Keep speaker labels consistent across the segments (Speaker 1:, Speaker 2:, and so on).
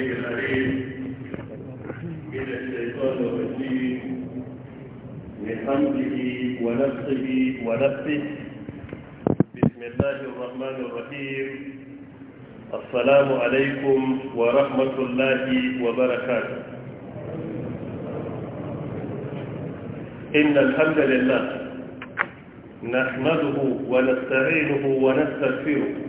Speaker 1: السميع العليم من الشيطان الرجيم من حمده ونفسه ونفسه بسم
Speaker 2: الله الرحمن
Speaker 1: الرحيم السلام عليكم ورحمة الله وبركاته إن الحمد لله نحمده ونستعينه ونستغفره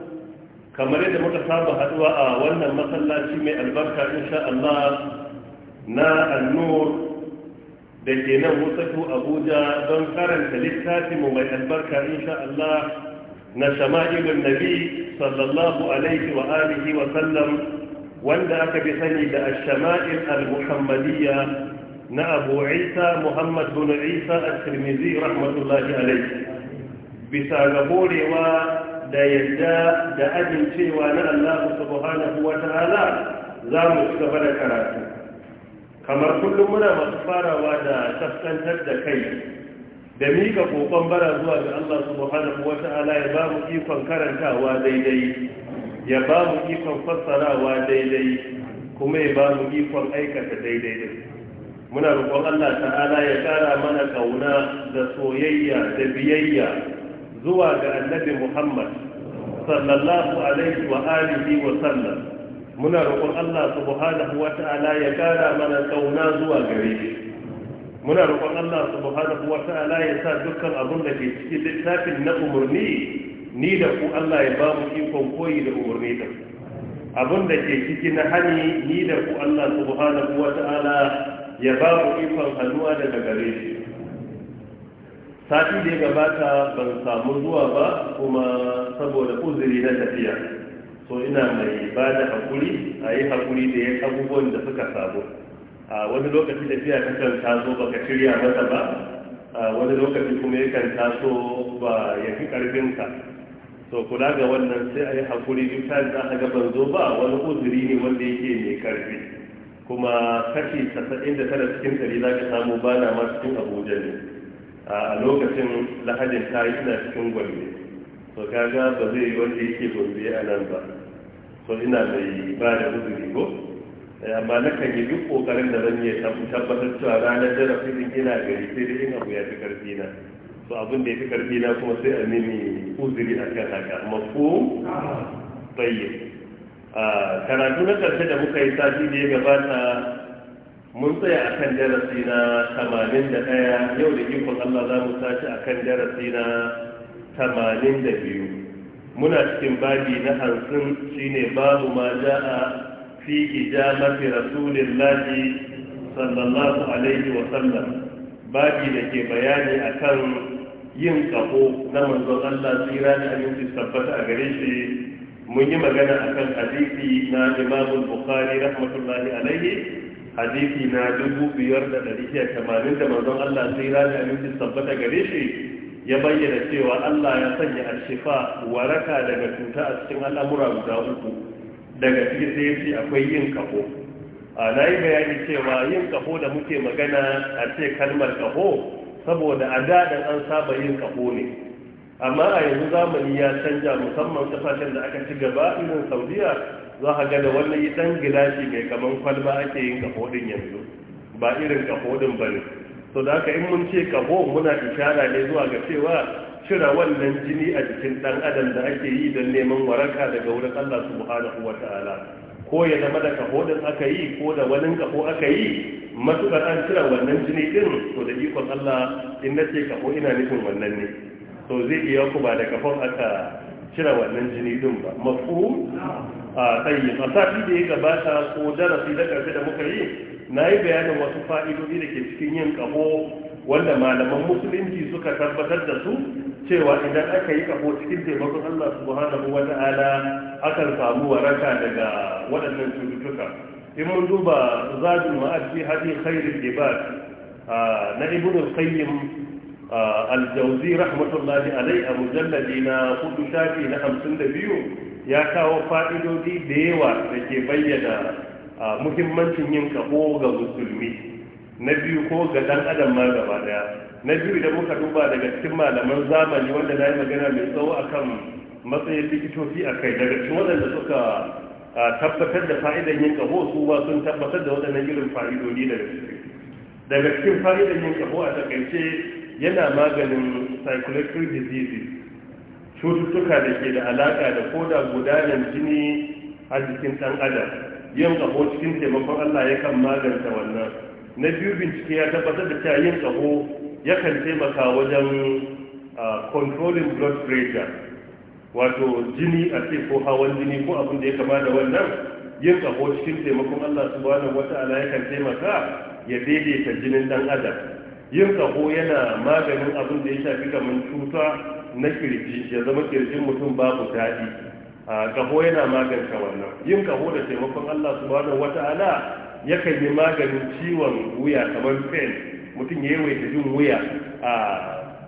Speaker 1: kamar yadda muka saba haduwa a wannan masallaci mai albarka insha Allah na annur da ke nan wutsatu abuja don karanta littafi mu mai albarka insha Allah na shama'ilun nabi sallallahu alaihi wa alihi wa sallam wanda aka bi sani da ashama'il shamail al-muhammadiyya na abu isa muhammad bin isa at-tirmidhi rahmatullahi alaihi bisa ga horewa da yadda da ajin cewa na Allah subhanahu wa ta'ala za mu ci gaba da karatu kamar kullum muna masu farawa da tafkantar da kai da mika kokon bara zuwa ga Allah subhanahu wa ta'ala ya ba mu ikon karantawa daidai ya ba mu ikon fassarawa daidai kuma ya ba mu ikon aikata daidai muna roƙon Allah ta'ala ya ƙara mana kauna da soyayya da biyayya zuwa ga annabi Muhammad sallallahu alaihi wa alihi wa sallam muna roƙon Allah subhanahu wa ta'ala ya kara mana kauna zuwa gare shi muna roƙon Allah subhanahu wa ta'ala ya sa dukkan abun da ke cikin littafin na umarni ni da ku Allah ya ba mu ikon koyi da umarni da Abun da ke ciki na hani ni da ku Allah subhanahu wa ta'ala ya ba mu ikon hannuwa daga gare shi sati da ya gabata ban samu zuwa ba kuma saboda uzuri na tafiya so ina mai ba da haƙuri a yi haƙuri da ya abubuwan da suka samu a wani lokaci tafiya ta kan taso baka shirya mata ba a wani lokaci kuma ya kan taso ba ya fi ƙarfinka so kula ga wannan sai a yi haƙuri duk ta za ban zo ba wani uzuri ne wanda yake mai karfi kuma kashi 99 cikin 100 za ka samu ba na ma cikin abuja ne a lokacin lahadin ta yi ina cikin gombe to kaga ba zai yi wanda yake gombe a nan ba so ina mai ba da uzuri ko eh, amma na kan yi duk kokarin da zan yi tabbatar cewa ranar jarafin ina gari sai da ina buya karfi na to abin da ya fi karfi na kuma sai a nemi uzuri a kan haka mafu bayyana ah, karatu na karshe da muka yi sati da ya gabata mun tsaya a kan darasi na tamanin da ɗaya yau da ikon Allah za mu tashi a kan darasi na tamanin da biyu muna cikin babi na hansun shine babu ma a fi rasulun rasulillahi sallallahu alaihi wa sallam babi da ke bayani akan yin kaho na manzon Allah tsira da aminci tabbata a gare shi mun yi magana akan hadisi na Imam Bukhari rahmatullahi alaihi hadisi na dubu biyar da ɗari shida tamanin da manzon Allah sai rani aminci tabbata gare shi ya bayyana cewa Allah ya sanya alshifa waraka daga cuta a cikin al'amura guda uku daga cikin sai ya ce akwai yin kafo a na yi bayani cewa yin kafo da muke magana a ce kalmar kafo saboda a daɗin an saba yin kafo ne amma a yanzu zamani ya canja musamman kasashen da aka ci gaba irin saudiya za a gada wannan dan gilashi mai kaman kwalba ake yin kafodin yanzu ba irin kafodin bane to da haka in mun ce kafo muna ishara ne zuwa ga cewa cira wannan jini a jikin dan adam da ake yi don neman waraka daga wurin Allah subhanahu wataala ko ya zama da kafodin aka yi ko da wani kafo aka yi matukar an cira wannan jini din to da ikon Allah in nace kafo ina nufin wannan ne to zai iya ku ba da kafon aka cire wannan jini din ba mafhum a tsaye masafi da ya gabata ko darasi da ƙarfi da muka yi na yi bayanin wasu fa'idodi da ke cikin yin ƙaho wanda malaman musulunci suka tabbatar da su cewa idan aka yi ƙaho cikin taimakon allah subhanahu wa ta'ala akan samu waraka daga waɗannan cututtuka in mun duba zadin ma'ad fi hadin khairul ibad na ibnu qayyim aljauzi rahmatullahi alai a mujalladi na hudu shafi na hamsin da biyu ya kawo fa'idodi da yawa da ke bayyana muhimmancin yin kaɓo ga musulmi na biyu ko ga ɗan adam ma gaba daya na biyu idan muka duba daga cikin malaman zamani wanda na yi magana mai tsawo akan matsayin likitoci a kai daga cikin waɗanda suka tabbatar da fa'idan yin kaɓo su ba sun tabbatar da waɗannan irin fa'idodi daga ciki daga cikin fa'idan yin kaɓo a takaice yana maganin psychological diseases cututtuka da ke da alaƙa da koda gudanar jini a jikin ɗan adam yin ƙaho cikin taimakon Allah ya kan maganta wannan na biyu bincike ya tabbatar da cewa yin ƙaho yakan taimaka wajen controlling blood pressure wato jini a ce ko hawan jini ko abin da ya kama da wannan yin ƙaho cikin taimakon Allah ala ya kan taimaka ya daidaita jinin ɗan adam yin ƙaho yana maganin abin da ya shafi kamar cuta na kirji ya zama kirjin mutum babu daɗi kaho yana magance wannan yin kaho da taimakon Allah subhanahu wata'ala yakan yi maganin ciwon wuya kamar pain mutum ya yawaita jin wuya a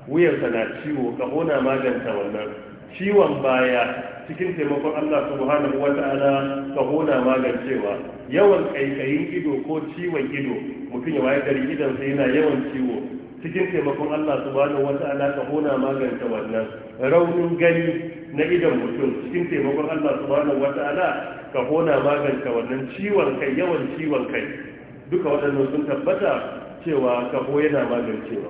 Speaker 1: wuyarsa na ciwo kaho na magance wannan ciwon baya cikin taimakon Allah subhanahu wa ta'ala na magancewa yawan kaikayin ido ko ciwon ido mutum ya wayar gari idan sai yana yawan ciwo cikin taimakon Allah subhanahu wata'ala ka hona magance wannan raunin gani na idan mutum cikin taimakon Allah subhanahu wata'ala ka hona magance wannan ciwon kai yawan ciwon kai duka waɗannan sun tabbata cewa ka yana magancewa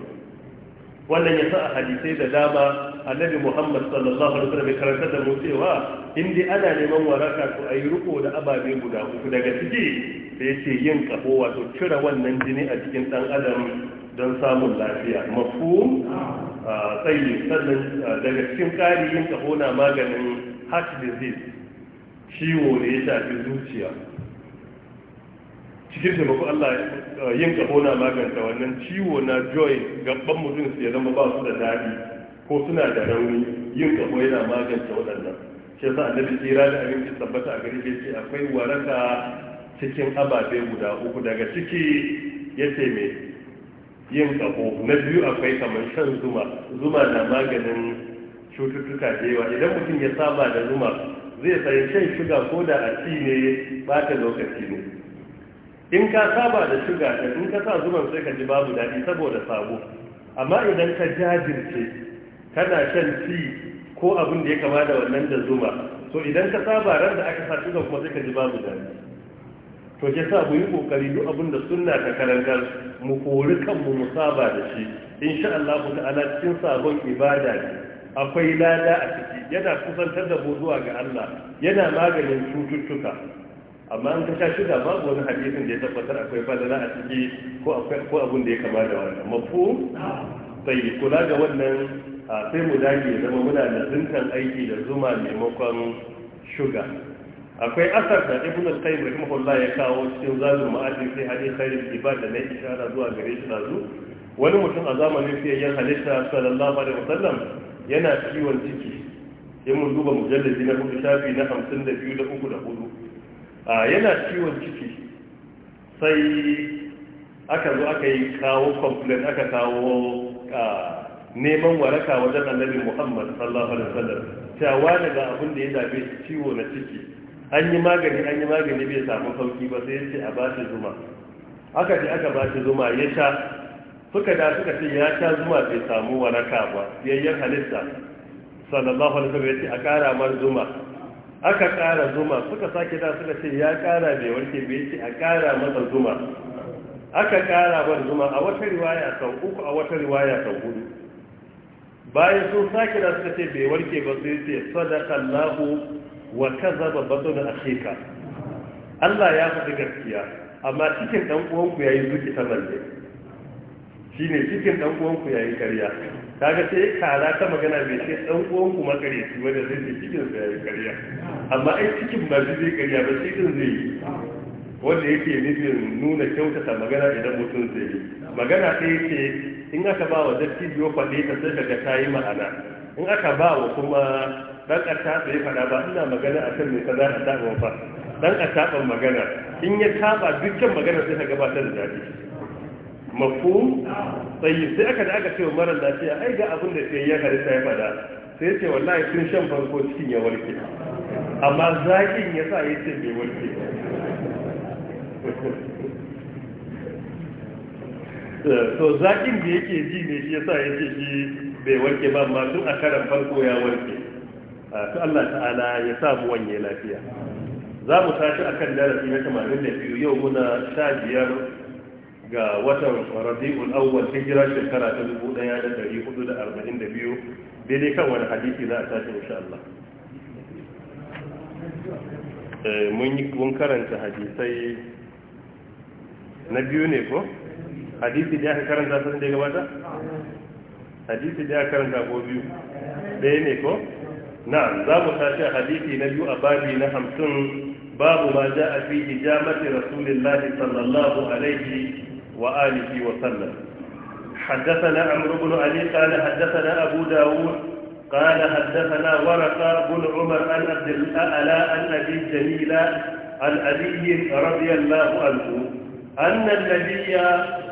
Speaker 1: wannan ya sa a hadisai da dama annabi Muhammad sallallahu alaihi wasallam karanta da mu cewa in ana neman waraka to ayi ruko da ababe guda uku daga ciki da yace yin kafo wato cire wannan jini a cikin dan adam don samun lafiya mafu ah, tsayi sannan ah, daga cikin ƙari yin ƙaho na maganin heart disease ciwo da ya shafi zuciya cikin taimako Allah ah, yin ƙaho na maganta wannan ciwo na joy gabban mutum su ya zama ba su da daɗi ko suna da rauni yin ƙaho yana maganta waɗannan shi yasa annabi tsira da abinci tabbata a gari ce akwai waraka cikin ababe guda uku daga ciki ya ce mai yin ƙaho na biyu akwai kamar shan zuma zuma na maganin cututtuka da yawa idan mutum ya saba da zuma zai sayi shan shuga ko da a ci ne ta lokaci ne in ka saba da shuga da in ka sa zuman sai ka ji babu daɗi saboda sabo amma idan ka jajirce kana shan ci ko abin da ya kama da wannan da zuma to idan ka saba ran da aka sa shuga kuma sai ka ji babu daɗi to ke sa mu yi kokari duk abin da sunna ta karantar mu kori kanmu mu saba da shi insha Allah ta'ala cikin sabon ibada ne akwai lada a ciki yana kusantar da mu ga Allah yana maganin cututtuka amma an ka shi da babu wani hadisin da ya tabbatar akwai falala a ciki ko akwai ko abin da ya kama da wannan mafu sai kula ga wannan sai mu dage zama muna da zintan aiki da zuma maimakon shuga akwai asar da ibn al-qayyim rahimahullah ya kawo cikin zalul ma'adin sai hadith khairu ibad da nayi isharar zuwa gare shi dazu wani mutum a zamanin ya halitta sallallahu alaihi wasallam yana ciwon ciki Sai mun duba mujalladi na hudu shafi na hamsin da biyu da uku da hudu yana ciwon ciki sai aka zo aka yi kawo complain aka kawo neman waraka wajen annabi muhammad sallallahu alaihi wasallam cewa daga abin da ya dabe ciwo na ciki an yi magani an yi magani bai samu sauki ba sai ce a ba shi zuma aka ce aka ba shi zuma ya sha suka da suka ce ya sha zuma bai samu waraka ba yayyan halitta sallallahu alaihi wasallam yace ce a kara mar zuma aka kara zuma suka sake da suka ce ya kara bai warke bai ce a kara masa zuma aka kara mar zuma a wata riwaya sau uku a wata riwaya sau hudu bayan sun sake da suka ce bai warke ba sai ce sadaqallahu Allahu wa kazaba ake ka. Allah ya faɗi gaskiya amma cikin dan uwanku yi zuki ta balle shine cikin dan uwanku yi karya kaga sai kara ta magana bai sai dan uwanku shi wanda zai ce cikin sa yi karya amma ai cikin ba zai karya ba cikin zai yi wanda yake nufin nuna kyautata magana idan mutum zai yi magana ɗaya ce in aka ba wa dattijo faɗe ta sai daga ta yi ma'ana in aka ba wa kuma dan attaɓa ya faɗa ba ina magana a kan mai kaza a taɓa ba dan attaɓan magana in ya taɓa dukkan magana sai ka gabatar da daɗi Mafu, tsayi sai aka da aka ce wa mara lafiya ai ga abin da sai ya harita ya faɗa sai ce wallahi tun shan farko cikin ya warke amma zaƙin ya sa ya ce bai warke To zaƙin da yake ji ne shi ya sa ya ce shi bai warke ba amma tun a karan farko ya warke to Allah ta'ala ya sa mu wanye lafiya za mu tashi akan darasi na 82 yau muna sha biyar ga watan rabi'ul awwal hijira shekara ta 1442 daidai kan wani hadisi za a tashi insha Allah eh, mun yi mun karanta hadisai na biyu ne ko hadisi da aka karanta sun da gabata hadisi da aka karanta ko biyu ɗaya ne ko نعم باب تاتي حديث نبي أبابي نهم باب ما جاء في إجامة رسول الله صلى الله عليه وآله وسلم حدثنا عمرو بن علي قال حدثنا أبو داود قال حدثنا ورقة بن عمر أن عبد الأعلى أن أبي جميل عن علي رضي الله عنه أن النبي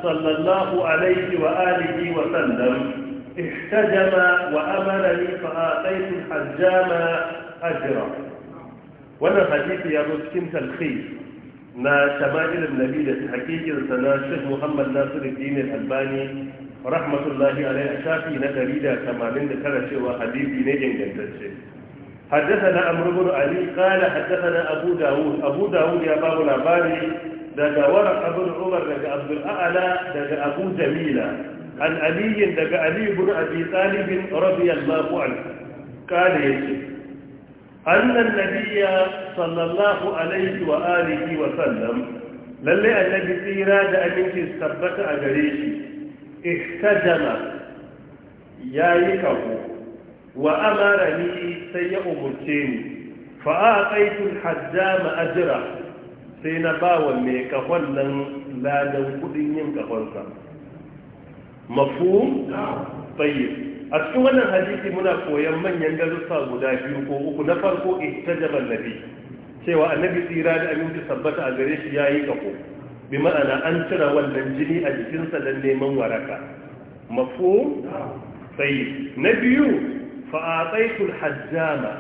Speaker 1: صلى الله عليه وآله وسلم احتجم وأمرني فآتيت الحجام أجرا وانا حديث يا مسكين تلخيص نا شمائل النبي ده حقيقة سنا شيخ محمد ناصر الدين الألباني رحمة الله عليه شافي نقري ده كمانين ده كان شيء حديثي نجن جنتشي حدثنا عمرو بن علي قال حدثنا أبو داود أبو داود يا باب العباري ده ورق أبو عمر ده عبد الأعلى ده أبو جميلة an aliyin daga Aliyu ibn abi talib radiyallahu anhu kana yace annan nabiyya sallallahu alaihi wa alihi wa sallam lalle annabi tsira da aminci tabbata a gare shi ya yayi kafu wa amara ni sai ya umurce ni fa aqaitu hajjama ajra sai na bawa mai kahon nan ladan kudin yin kafonsa mafhum tayyib a cikin wannan hadisi muna koyon manyan darussa guda biyu ko uku na farko ihtajaba nabi cewa annabi tsira da aminci sabbata a gare shi yayi kako bi ma'ana an cire wannan jini a jikinsa don neman waraka Mafu? tayyib na biyu fa hajjama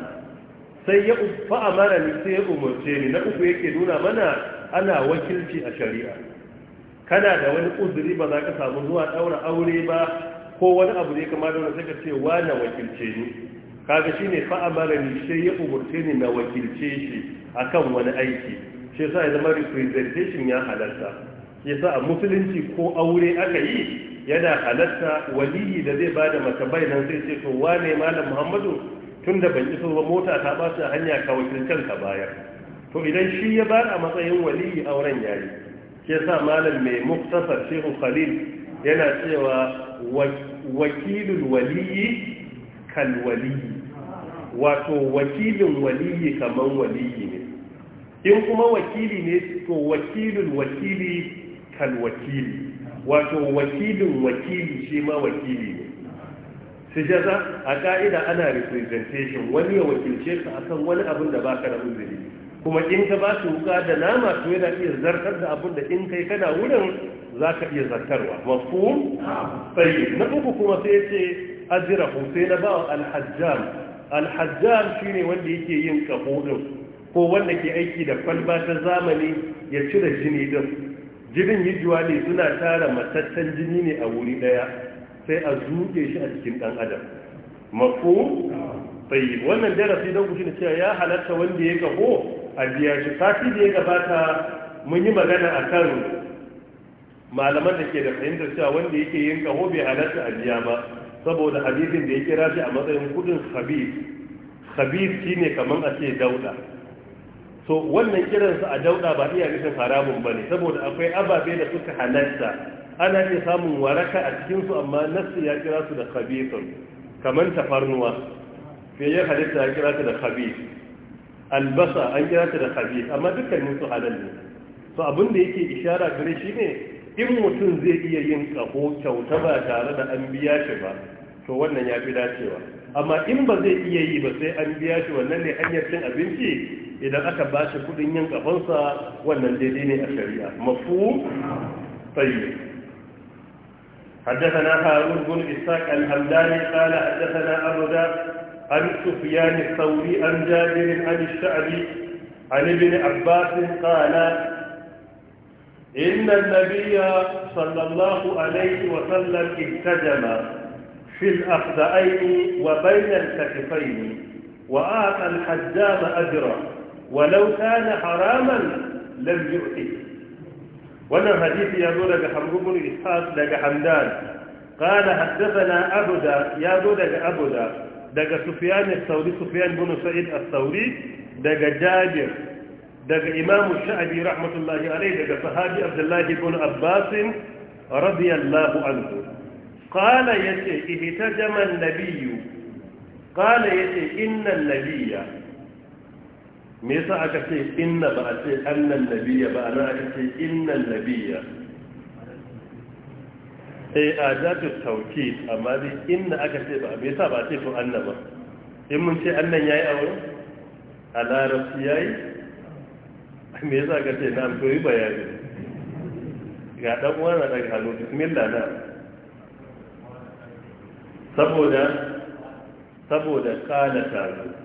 Speaker 1: sai ya fa'amara ni sai ya umarce ni na uku yake nuna mana ana wakilci a shari'a kana da wani uzuri ba za ka samu zuwa ɗaura aure ba ko wani abu ne kama da wani ce wa na wakilce ni kaga shine fa amara ni sai ya umurce ni na wakilce shi akan wani aiki shi yasa ya zama presentation ya halatta yasa a musulunci ko aure aka yi yana halarta waliyi da zai bada mata bayanan zai ce to wane malam muhammadu tunda ban iso ba mota ta ba hanya ka wakilcan ka bayar to idan shi ya bada matsayin waliyi auren yayi ke sa malam mai muktasar shehu khalil yana cewa wakilul waliyi kal waliyi wato wakilin waliyi kaman waliyi ne in kuma wakili ne to wakilul wakili kan wakili wato wakilin wakili shi ma wakili ne su jaza a ka'ida ana representation wani ya wakilce ka akan wani abin da baka da uzuri kuma in ka ba shi wuka da nama to yana iya zartar da abin da in kai kana wurin za ka iya zartarwa mafu tsaye na uku kuma sai ce ajira sai na bawa alhajjam shi shine wanda yake yin kaho din ko wanda ke aiki da kwalba ta zamani ya cire jini din jinin yijuwa ne suna tara mataccen jini ne a wuri daya sai a zuke shi a cikin dan adam mafu tsaye wannan darasi don ku shi cewa ya halatta wanda ya kaho a biya shi da ya gabata mun yi magana a kan malaman da ke da fahimtar cewa wanda yake yin kaho bai halatta a biya ba saboda hadisin da ya kira shi a matsayin kudin khabib khabib shine kamar a ce dauda so wannan kiransa a dauda ba iya nufin haramun ba ne saboda akwai ababe da suka halarta, ana iya samun waraka a cikinsu amma nasu ya kira su da khabithun kamar tafarnuwa fiye halitta ya kira su da khabith albasa an kira ta da kabi amma dukkan su halal ne to abin da yake ishara gare shi ne in mutum zai iya yin kaho kyauta ba tare da an biya shi ba to wannan ya fi dacewa amma in ba zai iya yi ba sai an biya shi wannan ne hanyar cin abinci idan aka ba shi kudin yin kafansa wannan daidai ne a shari'a mafu tsaye حدثنا هارون بن إسحاق الحمداني قال حدثنا أبو عن سفيان الثوري عن جابر عن الشعبي عن ابن عباس قال إن النبي صلى الله عليه وسلم التزم في الأخذين وبين الكتفين وأعطى الحجام أجره ولو كان حراما لم يؤته وانا حديث ya zo daga الإسحاق ishaq حمدان قال حدثنا أبدا abuda ya zo daga sufyan al-thawri sufyan bin sa'id al-thawri daga jabir daga imam sha'abi rahmatullahi alayhi daga sahabi abdullah ibn abbas radiyallahu anhu qala yace ihtajama an-nabiy qala yace inna an-nabiyya me yasa aka ce inna ba a ce annan nabiyya ba ana aka ce inna an-nabiyya Sai eh, a zafi tawkid amma zai inda aka ce ba me yasa ba ce to ba in mun ce annan ya aure a larabci yi me yasa ka ce na amfani yi ga dan uwa na daga hannu bismillah na saboda saboda kala ta zo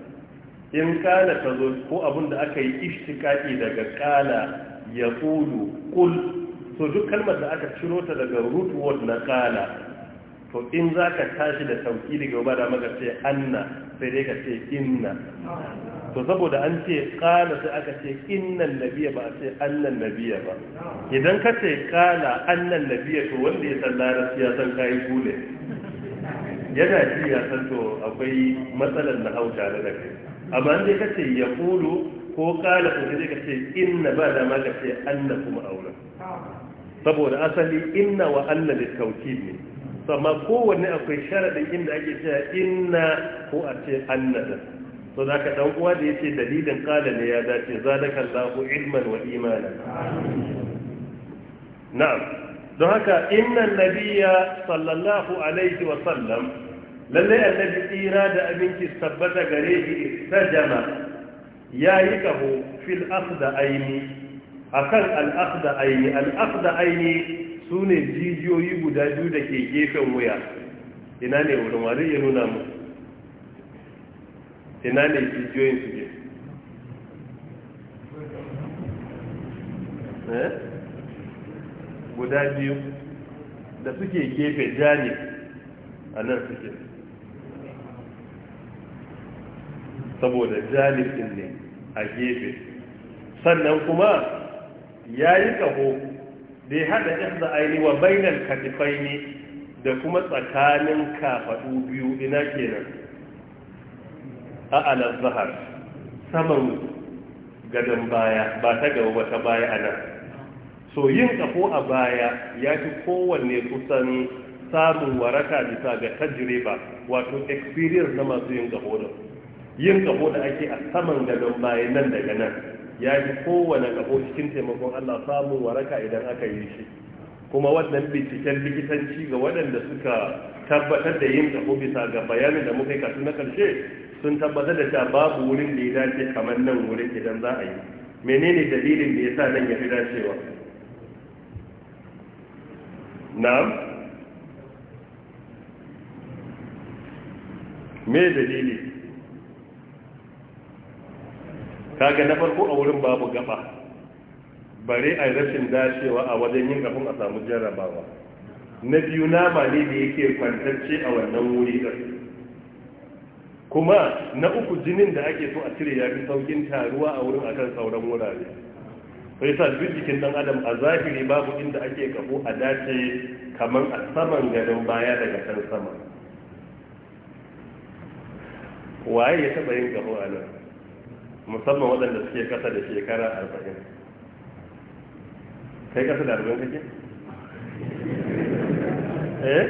Speaker 1: in kala ta zo ko abin da aka yi ishtiqaqi daga kala ya kulu kul? to duk kalmar da aka ciro ta daga root word na kala to in za ka tashi da sauki daga ba da maka ce anna sai dai ka ce inna to saboda an ce kala sai aka ce innan nabiya ba a ce annan nabiya ba idan ka ce kala annan nabiya to wanda ya san larabci ya san kayi kule yana ji ya san to akwai matsalar na hauta da kai amma an dai ka ce ya ko kala ko sai ka ce inna ba da ma ce anna kuma auren saboda asali inna wa anna litaukid ne amma kowanne akwai sharadin inda ake cewa inna ko a ce anna da to da ka dan uwa da yace dalilin qala ne ya dace zalaka Allahu ilman wa imana na'am don haka inna nabiyya sallallahu alaihi wa sallam lalle annabi tsira da abinci tabbata gare shi sajama yayi kaho fil akhda aini akan al'aqda aini al'aqda aini sune jijiyoyi guda biyu da ke gefen wuya ina ne wurin wani ya nuna mu ina ne jijiyoyin su ke eh? guda biyu da suke gefe jani a nan suke saboda jalifin ne a gefe sannan kuma ya yi ƙaho da ya haɗa ihda aini wa katifai ne da kuma tsakanin kafaɗu biyu ina kenan a alar zahar saman gadon baya ba ta gaba ba ta baya a so yin ƙaho a baya ya fi kowanne kusan samun waraka bisa ga direba, wato experience na masu yin ƙaho da yin ƙaho da ake a saman gadon baya nan daga nan ya fi kowane gabo cikin taimakon Allah samun waraka idan aka yi shi kuma wannan binciken likitanci ga waɗanda suka tabbatar da yin gabo bisa ga bayanin da muka yi kasu na ƙarshe sun tabbatar da ta babu wurin da ya dace kamar nan wurin idan za a yi menene dalilin da ya sa nan ya fi dacewa na'am me dalili kaga na farko a wurin babu gaba bare a rashin dacewa a wajen yin abin a samu jarrabawa na biyu nama ne da yake kwantacce a wannan wuri da kuma na uku jinin da ake so a cire ya fi saukin taruwa a wurin akan sauran wurare sai sa duk jikin dan adam a zahiri babu inda ake kafo a dace kamar a saman gadon baya daga kan sama waye ya taba yin gaba a nan musamman waɗanda suke ƙasa da shekara arba'in kai ƙasa da arba'in kake? eh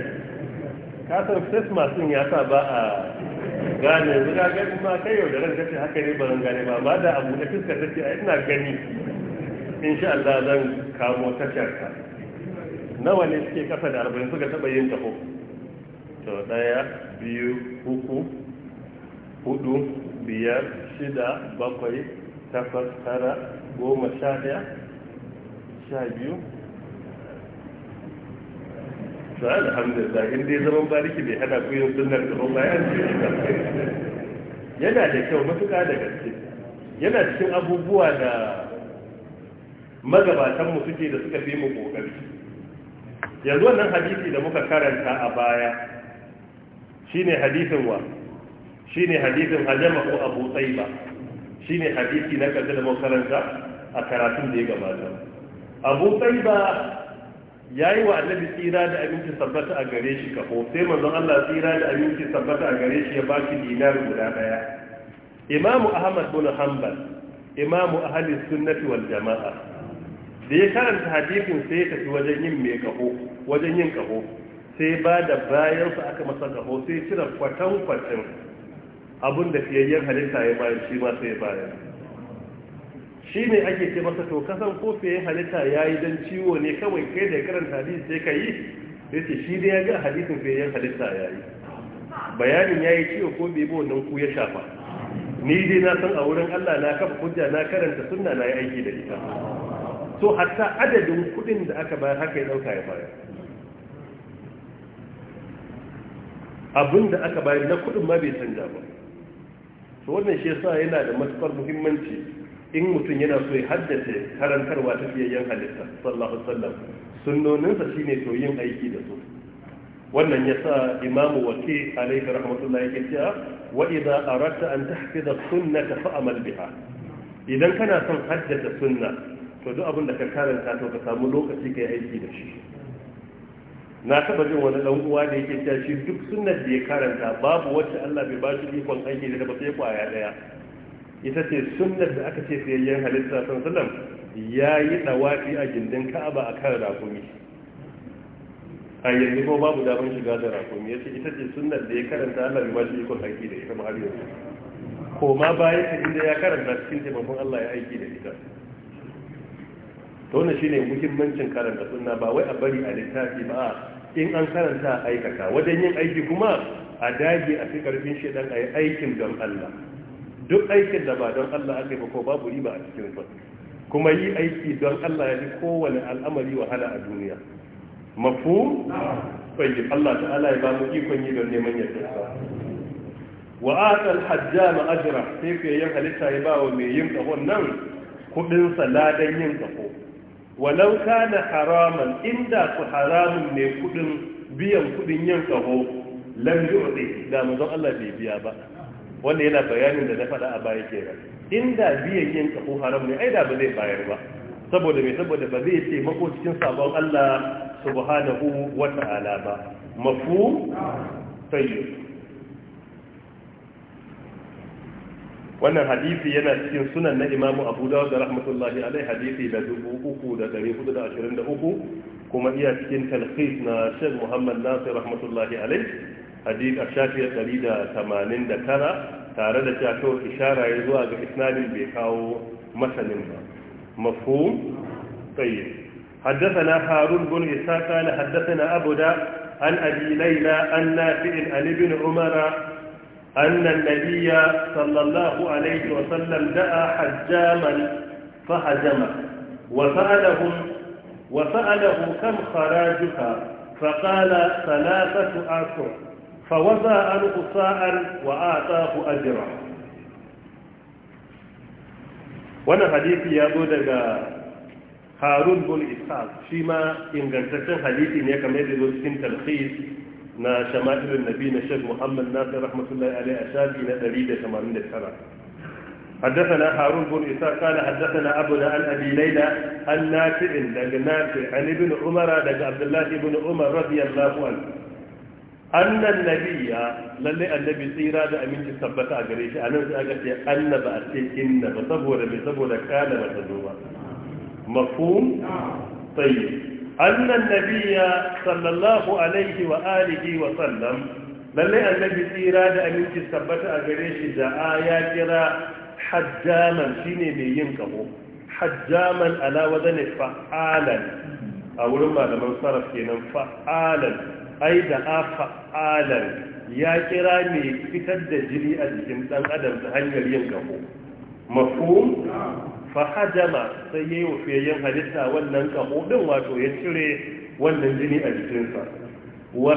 Speaker 1: kasar face mask ya sa ba a gane zuga gani ma kai yau da ranka ce haka ne ban gane ba ba da abu da fiska ta ce a ina gani in sha Allah zan kamo ka. nawa ne suke ƙasa da arba'in suka taɓa yin taho to ɗaya biyu uku hudu biyar shida bakwai takwas tara goma sha ɗaya sha biyu sa alhamdulillah in dai zaman bariki bai hada ku yin sunnar gaban bayan yana da kyau matuƙa da gaske yana cikin abubuwa da magabatanmu suke da suka fi mu kokari yanzu wannan hadisi da muka karanta a baya shine hadisin wa shine hadisin hajama ko abu tsaiba shine hadisi na karshe da makaranta a karatun da ya gabata abu tsaiba ya yi wa annabi tsira da abincin sabbata a gare shi ko sai manzon Allah tsira da abincin sabbata a gare shi ya ba shi dinar guda daya imamu ahmad bin hanbal imamu ahli sunnati wal jama'a da ya karanta hadisin sai ya tafi wajen yin mai kaho wajen yin kaho sai ba da bayan aka masa kaho sai cire kwatan kwatan abin da fiyayyen halitta ya bayar shi ma sai baya. shi ne ake ce masa to kasan ko fiyayyen halitta ya yi don ciwo ne kawai kai da karanta hadisi sai ka yi sai ce shi ne ya ga hadisin fiyayyen halitta ya yi bayanin ya yi ciwo ko bai wannan ku ya shafa ni dai na san a wurin allah na kafa hujja na karanta sunna na yi aiki da ita to hatta adadin kuɗin da aka bayar haka ya ɗauka ya bayar abin da aka bayar na kuɗin ma bai canja ba to wannan shi yasa yana da matukar muhimmanci in mutum yana so ya haddace karantarwa ta fiyayyen halitta sallallahu alaihi wasallam sunnoninsa shine to yin aiki da su wannan yasa imamu wake alaihi rahmatullahi yake cewa wa idza tafi an tahfiza sunnata fa'amal biha idan kana son haddace sunna to duk abin da ka karanta to ka samu lokaci kai aiki da shi na taba jin wani dan uwa da yake cewa shi duk sunnar da ya karanta babu wacce Allah bai ba shi ikon aiki da ba sai kwaya daya ita ce sunnar da aka ce sayayyen halitta san sallam ya yi dawafi a gindin Ka'aba a kan rakumi a yanzu ko babu damar shiga da rakumi yace ita ce sunnar da ya karanta Allah bai ba shi ikon aiki da ita ba har yanzu ko ma bayan ta inda ya karanta cikin taimakon Allah ya aiki da ita to wannan shine muhimmancin karanta sunna ba wai a bari a littafi ba in an karanta aikata wajen yin aiki kuma a dage a fi karfin shi a yi aikin don Allah duk aikin da ba don Allah aka yi ko babu riba a cikin sa kuma yi aiki don Allah ya fi kowane al'amari wahala a duniya mafhum tayyib Allah ta'ala ya ba mu ikon yi don neman yarda wa ata al-hajjama ajra sai ke yin halitta ya ba wa mai yin kahon nan kudin sa ladan yin kaho walau kana haraman inda su haramun ne kudin biyan kudin yin kaho lam yu'ti da manzon Allah bai biya ba wanda yana bayanin da na faɗa a baya kenan inda biyan yin kaho haram ne ai da ba zai bayar ba saboda mai saboda ba zai taimako cikin sabon Allah subhanahu wa ta'ala ba mafhum tayyib wannan hadisi yana cikin sunan na imamu abu dawud da rahmatullahi alai hadisi da dubu uku da dari hudu da ashirin da uku kuma iya cikin talqis na shan muhammad nasir rahmatullahi alai hadisi a shafi da dari da tamanin da tara tare da cewa to ishara ya zuwa ga isnadin bai kawo masanin ba Mafu. tayyib حدثنا هارون بن إسحاق قال حدثنا أبو دا عن أبي ليلى عن نافع عن ابن عمر أن النبي صلى الله عليه وسلم دعا حجاما فهجمه وسأله وسأله كم خراجك فقال ثلاثة أسر فوزى عنه ساء وآتاه أجره وانا حديث يقول harun bin ishaq shi ma ingantaccen hadisi ne kamar da zo cikin talhis نا شمائل النبي nabi محمد ناصر رحمة الله عليه أشاد إلى أريد شمائل 189 حدثنا هارون بن إساء قال حدثنا أبنا عن أبي ليلى عن نافع دق نافع عن ابن عمر دق عبد الله بن عمر رضي الله عنه أن النبي للي النبي سيرا دا أمين تثبت أجريش أنا أجريش أن بأسي إن بصبور بصبور كان بصبور مفهوم نعم. طيب an nabiya sallallahu alaihi wa alihi wa sallam lalle annabi tsira da aminci tabbata a gare shi da ya kira hajjaman shine mai yin kaho hajjaman ala wazane fa'alan a wurin malaman sarraf kenan fa'alan ai da a fa'alan ya kira mai fitar da jini a jikin ɗan adam ta hanyar yin kaho mafhum fa sai yayi wa fiyayyen halitta wannan kamo din wato ya cire wannan jini a jikinsa wa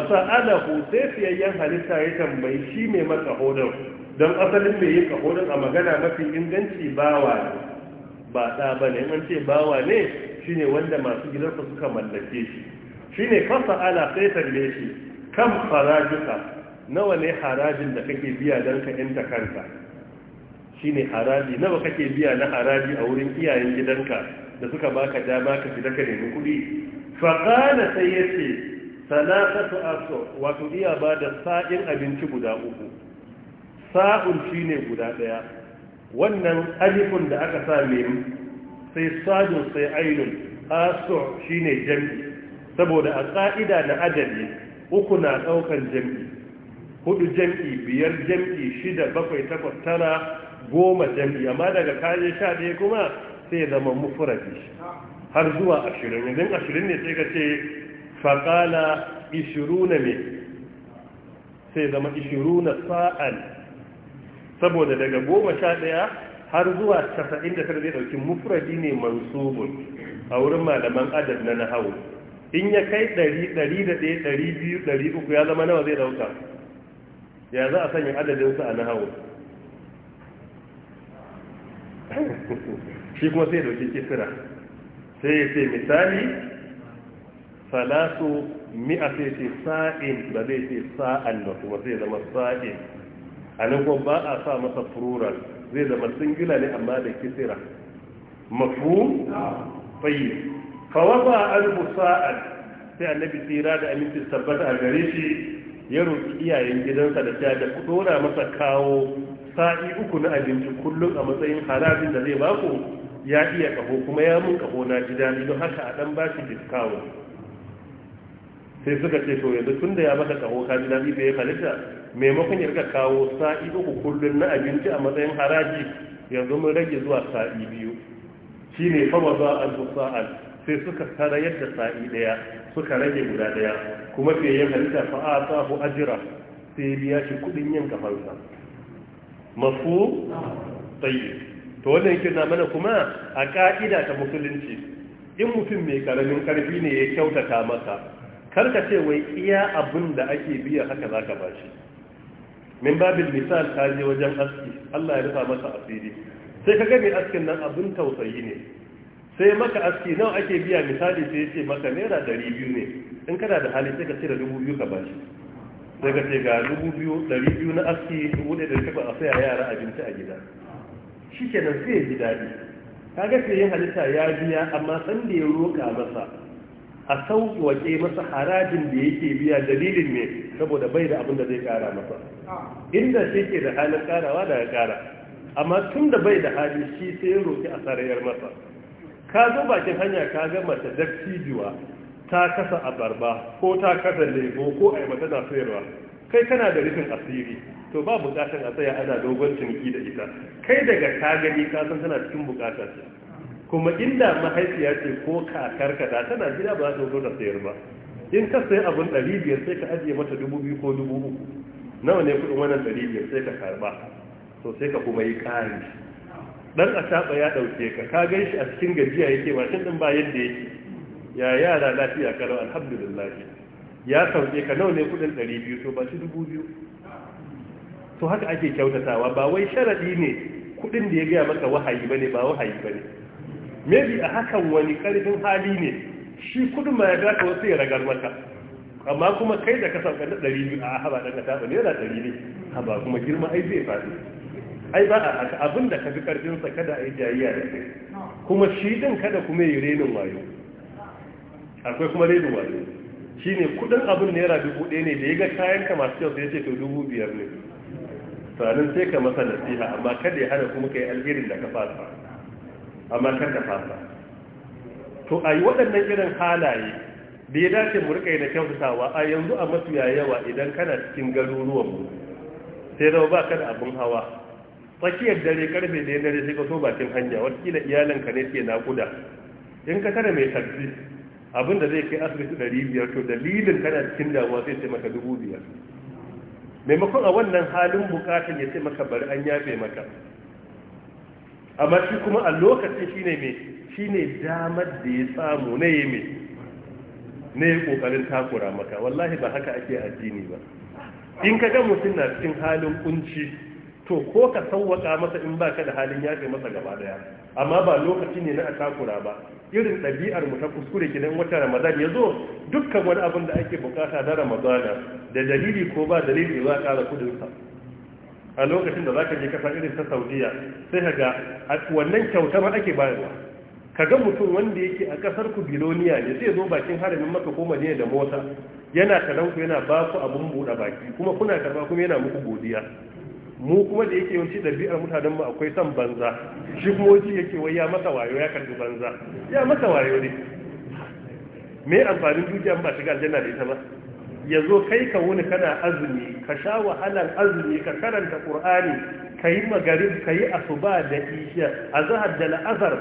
Speaker 1: ku sai fiyayyen halitta ya tambayi shi mai masa hodon don asalin mai yin kahodon a magana mafi inganci bawa ne ba da ba ne an ce bawa ne shine wanda masu gidansa suka mallake shi shine fasa ala sai tambaye shi kan farajuka nawa ne harajin da kake biya don ka yanta kanka shine haraji nawa kake biya na harabi a wurin iyayen gidanka da suka baka dama ka fita ka nemi kuɗi faƙala sai ya ce aso wato iya ba da sa'in abinci guda uku sa'un shine guda ɗaya wannan alifun da aka sa mai sai sadun sai ainun aso shine jam'i saboda a ka'ida na adadi uku na ɗaukar jam'i hudu jam'i biyar jam'i shida bakwai takwas tara goma jam'i amma daga kaje sha ɗaya kuma sai zama mufuradi har zuwa ashirin yanzu ashirin ne sai ka ce faƙala ishiruna ne sai zama ishiruna sa'an saboda daga goma sha ɗaya har zuwa casa'in da tara zai ɗauki mufuradi ne mansubun a wurin malaman adab na nahawu in ya kai ɗari ɗari da ɗaya ɗari biyu ɗari uku ya zama nawa zai ɗauka ya za a sanya adadinsa a nahawu shi kuma sai dauki kisira sai ya ce misali salatu mi'a sai ce sa'in ba zai ce sa'an da kuma zai zama sa'in a nan kuma ba a sa masa plural zai zama singila ne amma da kisira mafu ba kawaba albu sa'an sai annabi tsira da aminci tabbata a gare shi ya roƙi iyayen gidansa da ta da ku masa kawo sa'i uku na abinci kullum a matsayin haraji da zai baku ya iya kaho kuma ya mun kaho na ji daɗi don haka a dan bashi discount sai suka ce to yanzu tun da ya baka kaho ka ji daɗi bai ya halitta maimakon ya rika kawo sa'i uku kullum na abinci a matsayin haraji yanzu mun rage zuwa sa'i biyu shi fa wa za a sai suka tara yadda sa'i daya suka rage guda daya kuma fiye yin halitta fa'a ta ajira sai biya shi kuɗin yin kafansa mafu tsaye to wannan yake na mana kuma a ka'ida ta musulunci in mutum mai karamin karfi ne ya kyautata masa karka ce wai iya abin da ake biya haka za ka bashi min babin misal ta je wajen aski Allah ya rufa masa asiri sai ka gami askin nan abin tausayi ne sai maka aski nawa ake biya misali sai ya ce maka naira ɗari biyu ne in kana da hali sai ka cire dubu ka bashi daga ce ga dubu biyu dari biyu na aski dubu da kafa a saya yara abinci a gida shi kenan sai ya ji daɗi ka sai yin halitta ya biya amma sanda ya roƙa masa a sauƙi masa harajin da yake biya dalilin ne saboda bai da abin da zai ƙara masa inda shi ke da halin ƙarawa daga ya ƙara amma tun da bai da hali shi sai ya roƙi a sarayar masa ka zo bakin hanya ka ga mace juwa ta kasa abarba ko ta kasa lebo ko a yi na sayarwa kai kana da rufin asiri to ba bukatan a tsaya ana dogon ciniki da ita kai daga ka gani ka tana cikin bukata ce kuma inda mahaifiya ce ko kakar ka tana gida ba za ta zo da sayar ba in ka sayi abun ɗari biyar sai ka ajiye mata dubu biyu ko dubu uku nawa ne kuɗin wannan ɗari biyar sai ka karɓa to sai ka kuma yi ƙari dan a ya ɗauke ka ka gan shi a cikin gajiya yake mashin ɗin ba yadda yake ya yara lafiya karo alhamdulillah ya sauke ka nawa ne kudin 200 to ba shi 2000 to haka ake kyautatawa ba wai sharadi ne kudin da ya gaya maka wahayi bane ba wahayi bane maybe a hakan wani karfin hali ne shi kudin ma ya ga ka wasu ya ragar maka amma kuma kai da ka sauka da 200 a haba dan ka tabo ne da 100 ne haba kuma girma ai zai faɗi ai ba a haka abinda ka fi karfin sa kada ai jayiya da kai kuma shi din kada kuma yi renin wayo akwai kuma redu wayo shi ne kudin abin naira dubu ɗaya ne da ya ga kayan ka masu kyau sai ce to dubu biyar ne sanin sai ka masa nasiha amma kada ya hana kuma ka yi alherin da ka fasa amma kan ka fasa to a yi waɗannan irin halaye da ya dace mu rika yi na kyautatawa a yanzu a mafiya yawa idan kana cikin garuruwanmu sai zama ba ka da abin hawa tsakiyar dare karfe da dare sai ka so bakin hanya kila iyalanka ne ke nakuda in ka tare mai taxi abin da zai kai asibiti ɗari biyar to dalilin kana cikin damuwa zai ce maka dubu biyar maimakon a wannan halin bukatun ya ce maka bari an yafe maka amma shi kuma a lokacin shine mai ne damar da ya samu na yi mai na yi kokarin takura maka wallahi ba haka ake addini ba in ka ga mutum na cikin halin kunci to ko ka sauwaka masa in ba ka da halin yafe masa gaba daya amma ba lokaci ne na a takura ba irin ɗabi'ar mu ta kuskure gidan wata ramadan ya zo dukkan wani abin da ake bukata na ramadana da dalili ko ba dalili za a ƙara kudinsa a lokacin da za ka je kasa irin ta saudiya sai ka ga wannan kyauta ma ake bayarwa ka ga mutum wanda yake a kasar ku biloniya ne zai zo bakin haramin maka ko madina da mota yana kalanku yana ba ku abun buɗe baki kuma kuna karba kuma yana muku godiya mu kuma da yake yawanci ɗabi'ar mutanen mu akwai son banza shi kuma wanci yake wai ya masa wayo ya karbi banza ya masa wayo ne me amfanin dukiya ba shiga aljanna da ita ba ya zo kai ka wuni kana azumi ka sha wahalar azumi ka karanta qur'ani ka yi magarib ka yi asuba da isha azhar da la'azar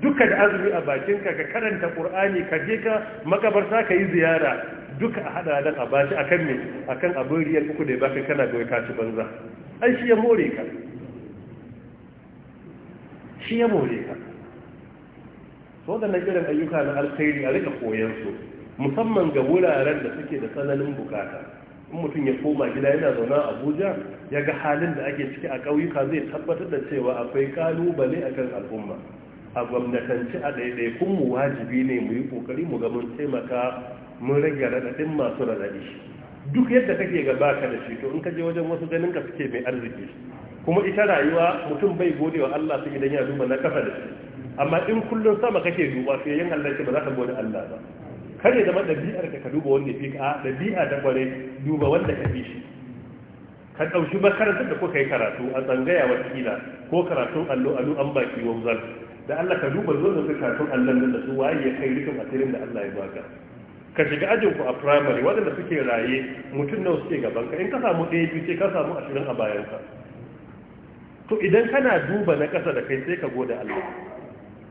Speaker 1: duka da azumi a bakinka ka karanta qur'ani ka je ka makabarta ka yi ziyara duka a hada dan a bashi akan me akan abin riyal uku da ya baka kana ga wata banza ai shi ya more ka shi ya more ka so da na irin ayyuka na alkhairi a rika koyan su musamman ga wuraren da suke da tsananin bukata in mutum ya koma gida yana zauna a abuja ya ga halin da ake ciki a ƙauyuka zai tabbatar da cewa akwai ƙalubale a kan al'umma a gwamnatanci a ɗaiɗaikun mu wajibi ne mu yi ƙoƙari mu ga mun taimaka mun rage raɗaɗin masu raɗaɗi duk yadda kake ga baka da shi to in ka je wajen wasu ganin ka suke mai arziki kuma ita rayuwa mutum bai gode wa Allah su idan ya duba na kafa da shi amma in kullum sama kake duba fiye yin Allah ba za ka gode Allah ba kare zama ɗabi'ar ka duba wanda fi ka ɗabi'a ta kware duba wanda ka fi shi ka ɗauki makarantar da kuka yi karatu a tsangaya kila ko karatun allo allo an baki wanzar da Allah ka duba zuwa da karatun allon da su waye ya kai rikin asirin da Allah ya baka ka shiga ajin ku a primary waɗanda suke raye mutum nawa suke gaban ka in ka samu ɗaya biyu sai ka samu ashirin a bayan ka to idan kana duba na ƙasa da kai sai ka gode Allah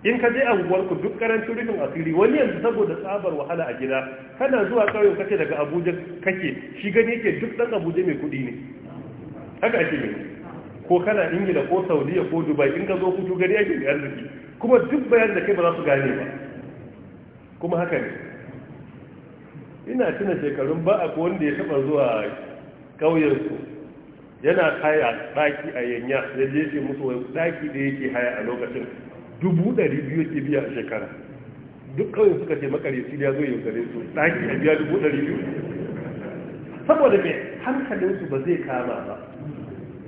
Speaker 1: in ka je anguwarku duk karancin rufin asiri wani yanzu saboda tsabar wahala a gida kana zuwa ƙauyen kake daga Abuja kake shi gani yake duk ɗan Abuja mai kuɗi ne haka ake ne ko kana ingila ko saudiya ko dubai in ka zo kudu gani ake da arziki kuma duk bayan da kai ba za su gane ba kuma haka ne ina tuna shekarun ba a wanda ya taba zuwa ƙauyensu yana haya ɗaki a yanya ya je ce musu wani daki da yake haya a lokacin dubu ɗari biyu ke biya a shekara duk ƙauyen suka ce makarisi ya zo yau gare su ɗaki a biya dubu ɗari biyu saboda mai hankalinsu ba zai kama ba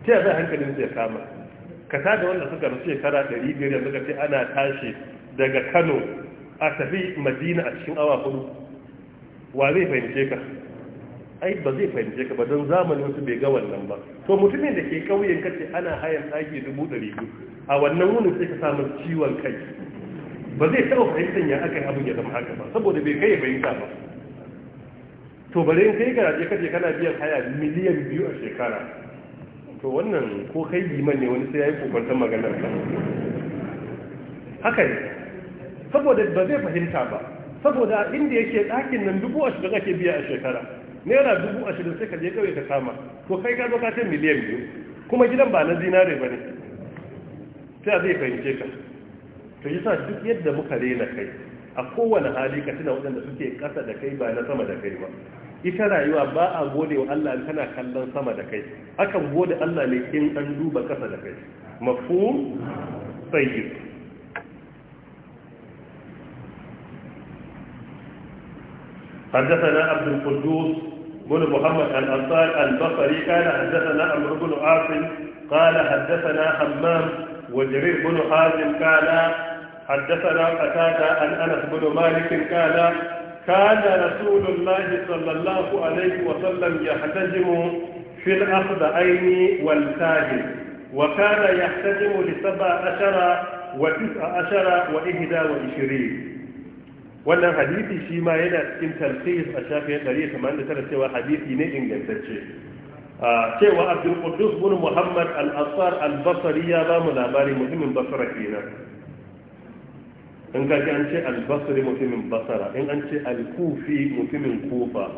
Speaker 1: ta yadda hankalinsu ya kama ka da wanda suka rasu shekara ɗari biyar yanzu ka ce ana tashi daga kano a tafi madina a cikin awa hudu wa zai fahimce ka ai ba zai fahimce ka ba don zamani wasu bai ga wannan ba to mutumin da ke kauyen kace ana hayan tsaki dubu ɗari biyu a wannan wuni sai ka samu ciwon kai ba zai taɓa fahimtar ya aka abin ya zama haka ba saboda bai kai ya fahimta ba to bare in kai garaje kace kana biyan haya miliyan biyu a shekara to wannan ko kai liman ne wani sai ya yi kokwantar maganar ka haka ne saboda ba zai fahimta ba saboda inda yake dakin nan dubu ashirin ake biya a shekara naira dubu ashirin sai ka je kawai ka kama to kai ka zo ka miliyan biyu kuma gidan ba na zinare ba ne sai zai fahimce ka to yi sa duk yadda muka rena kai a kowane hali ka tuna waɗanda suke ƙasa da kai ba na sama da kai ba ita rayuwa ba a gode wa Allah kana kallon sama da kai akan gode Allah ne in an duba ƙasa da kai mafhum sayyid حدثنا عبد القدوس بن محمد الأنصار البصري قال حدثنا عمرو بن عاصم قال حدثنا حمام وجرير بن حازم قال حدثنا قتادة عن أنس بن مالك قال كان رسول الله صلى الله عليه وسلم يحتجم في الأخذين والتاج وكان يحتجم لسبع عشر وتسع عشر وإحدى وعشرين wannan hadisi shi ma yana cikin talqis a shafin 189 cewa hadisi ne ingantacce cewa abdul qudus bin muhammad al-asar al-basri ya ba mu labari muhimmin basra kenan in ka ji an ce al-basri muhimmin basra in an ce al-kufi muhimmin kufa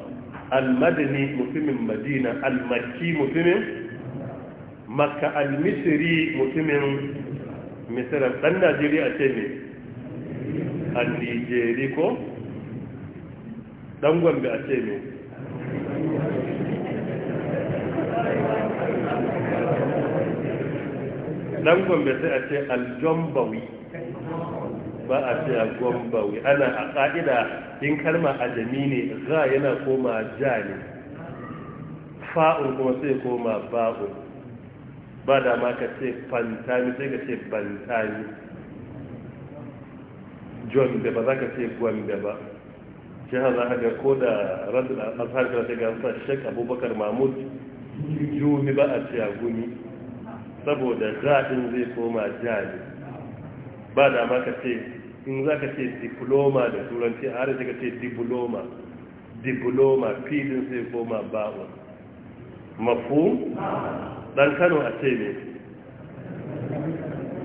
Speaker 1: al-madani muhimmin madina al-makki muhimmin makka al-misri muhimmin misra dan najeriya ce ne a nijeri ko Ɗan gwambe a ce ne Ɗan gwambe sai a ce aljombawi ba a ce aljombawi ana a ƙa'ida in kalma ajami ne za yana koma ja ne fa'un kuma sai koma ba'un ba da ma ka ce fantani sai ka ce bantami da ba za ka ce da ba jiha za a ga ko da radul azhar da daga sa shek abubakar mahmud jumi ba a ce gumi saboda zaɗin zai koma jali ba da ma ka ce in za ka ce diploma da turanci a harin ka ce diploma diploma filin zai koma ba'un mafu ɗan kano a ce ne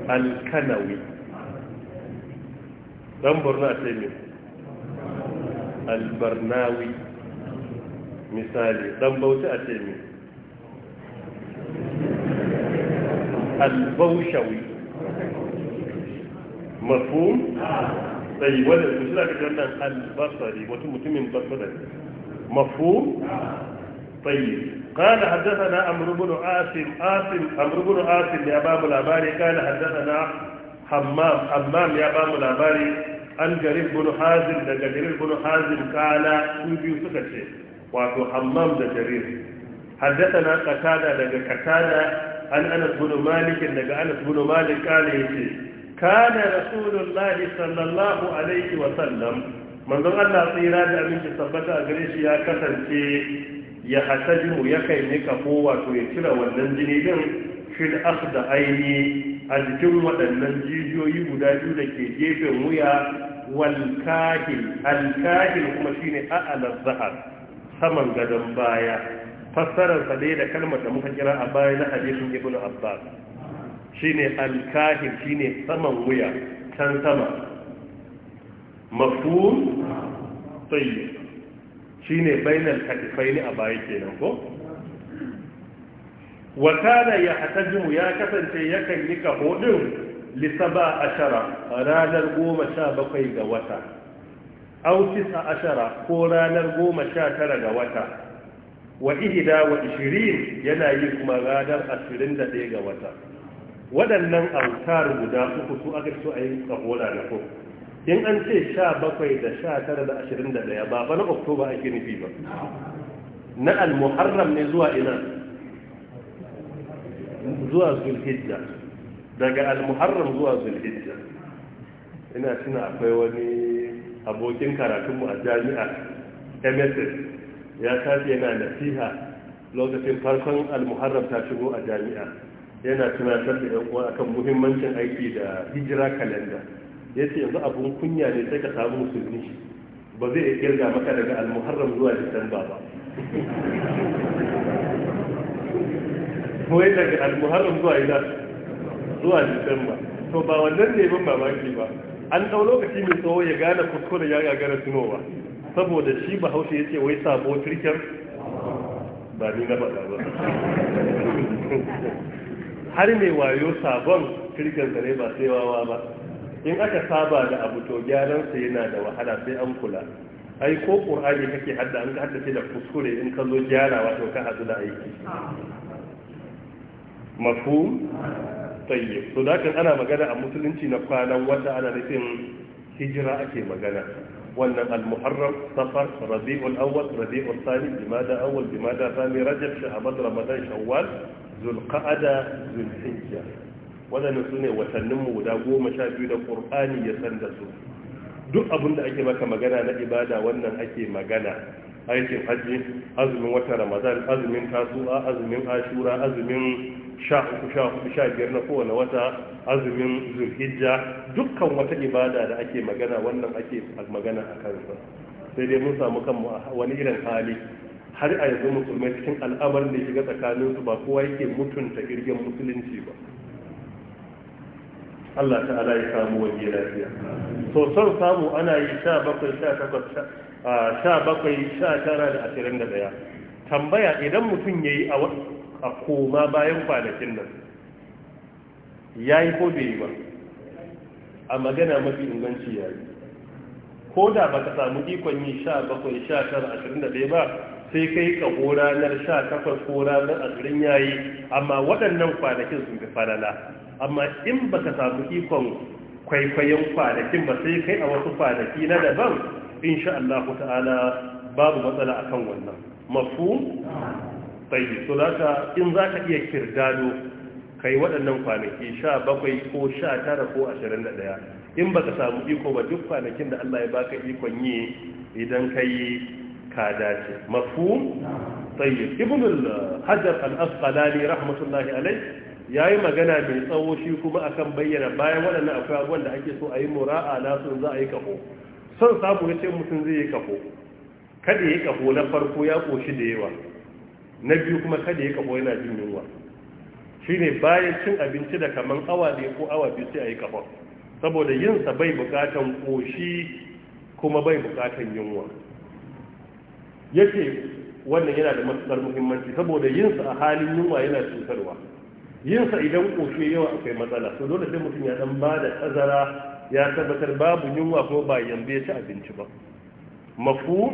Speaker 1: alkanawi دم برنا أتيمي البرناوي مثالي دم بوت أتيمي البوشوي
Speaker 2: مفهوم أي ولا
Speaker 1: مثل هذا البصري متى متى من مفهوم طيب قال حدثنا أمرو بن عاصم عاصم أمرو بن عاصم يا باب العباري قال حدثنا حمام حمام يا باب العباري an jarir bin hazin da jarir bin hazin kala su biyu suka ce wato hammam da jarir na katada daga katada an anas bin malikin, daga anas bin malik kala yace kana rasulullahi sallallahu alaihi wa sallam manzon Allah tsira da aminci tabbata a gare shi ya kasance ya hasajimu ya kai ne kafo wato ya cire wannan jini din fil akhda aini a jikin waɗannan jijiyoyi guda biyu da ke gefen wuya walkahil alkahil kuma shine a'alar zahar saman gadon baya fassarar sa da kalmar da muka kira a baya na hadisin ibnu abbas shine alkahil shine saman wuya can sama mafhum tayyib shine bainal katifaini a baya kenan ko wa kana ya hatajimu ya kasance yakan yi kaho din saba ashara ranar goma sha bakwai ga wata aw tisa ashara ko ranar goma sha tara ga wata wa ihida wa ishirin yana yi kuma ranar ashirin da ɗaya ga wata waɗannan autar guda uku su aka so a yi kaho ko. in an ce sha bakwai da sha tara da ashirin da ɗaya ba ba na oktoba ake nufi ba na al-muharram ne zuwa ina zuwa zulhijja daga almuharram zuwa zulhijja ina tuna akwai wani abokin karatunmu a jami'a mss ya tafi yana nasiha lokacin farkon almuharram ta shigo a jami'a yana tunatar da yan uwa akan muhimmancin aiki da hijira kalanda ya yanzu abun kunya ne sai ka samu musulmi ba zai iya kirga maka daga almuharram zuwa disamba ba kawai daga almuharram zuwa ina zuwa disamba to ba wannan ne ban mamaki ba an ɗau lokaci mai tsawo ya gane kuskure ya gagara tunowa saboda shi bahaushe ya ce wai sabo turken ba ni na faɗa ba har mai wayo sabon turken ne ba sai wawa ba in aka saba da abu to sa yana da wahala sai an kula ai ko ƙur'ani kake hadda an ka haddace da kuskure in ka zo gyarawa to ka hadu da aiki mafu tsaye to da ana magana a musulunci na kwanan wata ana nufin hijira ake magana wannan al-muharram safar rabi'ul awwal rabi'ul thani limada awwal limada thani rajab sha'ban ramadan shawwal zulqa'ada zulhijja wadannan sune watannin mu guda goma sha biyu da qur'ani ya san da su duk abin da ake maka magana na ibada wannan ake magana aikin hajji azumin wata ramadan azumin tasu'a azumin ashura azumin sha uku sha sha biyar na kowane wata azumin zulhijja dukkan wata ibada da ake magana wannan ake magana a kansa sai dai mun samu kanmu wani irin hali har a yanzu musulmai cikin al'amarin da shiga tsakanin su ba kowa yake mutunta girgin musulunci ba Allah ta'ala ya samu waje lafiya so son samu ana yi sha bakwai sha ah, sha bakwai sha tara da ashirin da daya tambaya idan mutum ya yi a a koma bayan kwanakin nan ya yi ko bai yi ba a magana mafi inganci ya yi ko da ba ka samu ikon yi sha bakwai sha tara ashirin da ɗaya ba sai kai ka ko ranar sha takwas ko ranar ashirin ya yi amma waɗannan kwanakin sun fi falala amma in ba ka samu ikon kwaikwayon kwanakin ba sai kai a wasu kwanaki na daban insha Allah ta'ala babu matsala akan wannan mafu tsayi so ka in za ka iya kirgado ka yi waɗannan kwanaki sha bakwai ko sha tara ko ashirin da ɗaya in ba ka samu iko ba duk kwanakin da allah ya baka ikon yi idan ka yi ka dace mafu tsaye. ibnul hajar al rahmatullahi alai ya yi magana mai tsawo shi kuma akan bayyana bayan waɗannan akwai abubuwan da ake so a yi mura'a na sun za a yi kafo son samu ya ce mutum zai yi kafo kada ya yi kafo na farko ya ƙoshi da yawa na biyu kuma kada ya kabo yana jin yunwa shine bayan cin abinci da kaman awa ne ko awa biyu sai a yi kabo saboda yin bai bukatan koshi kuma bai bukatan yunwa yake wannan yana da matsalar muhimmanci saboda yinsa a halin yunwa yana cutarwa Yinsa idan koshi yawa akwai matsala to dole sai mutum ya dan bada tazara ya tabbatar babu yunwa kuma ba yanzu ya ci abinci ba mafu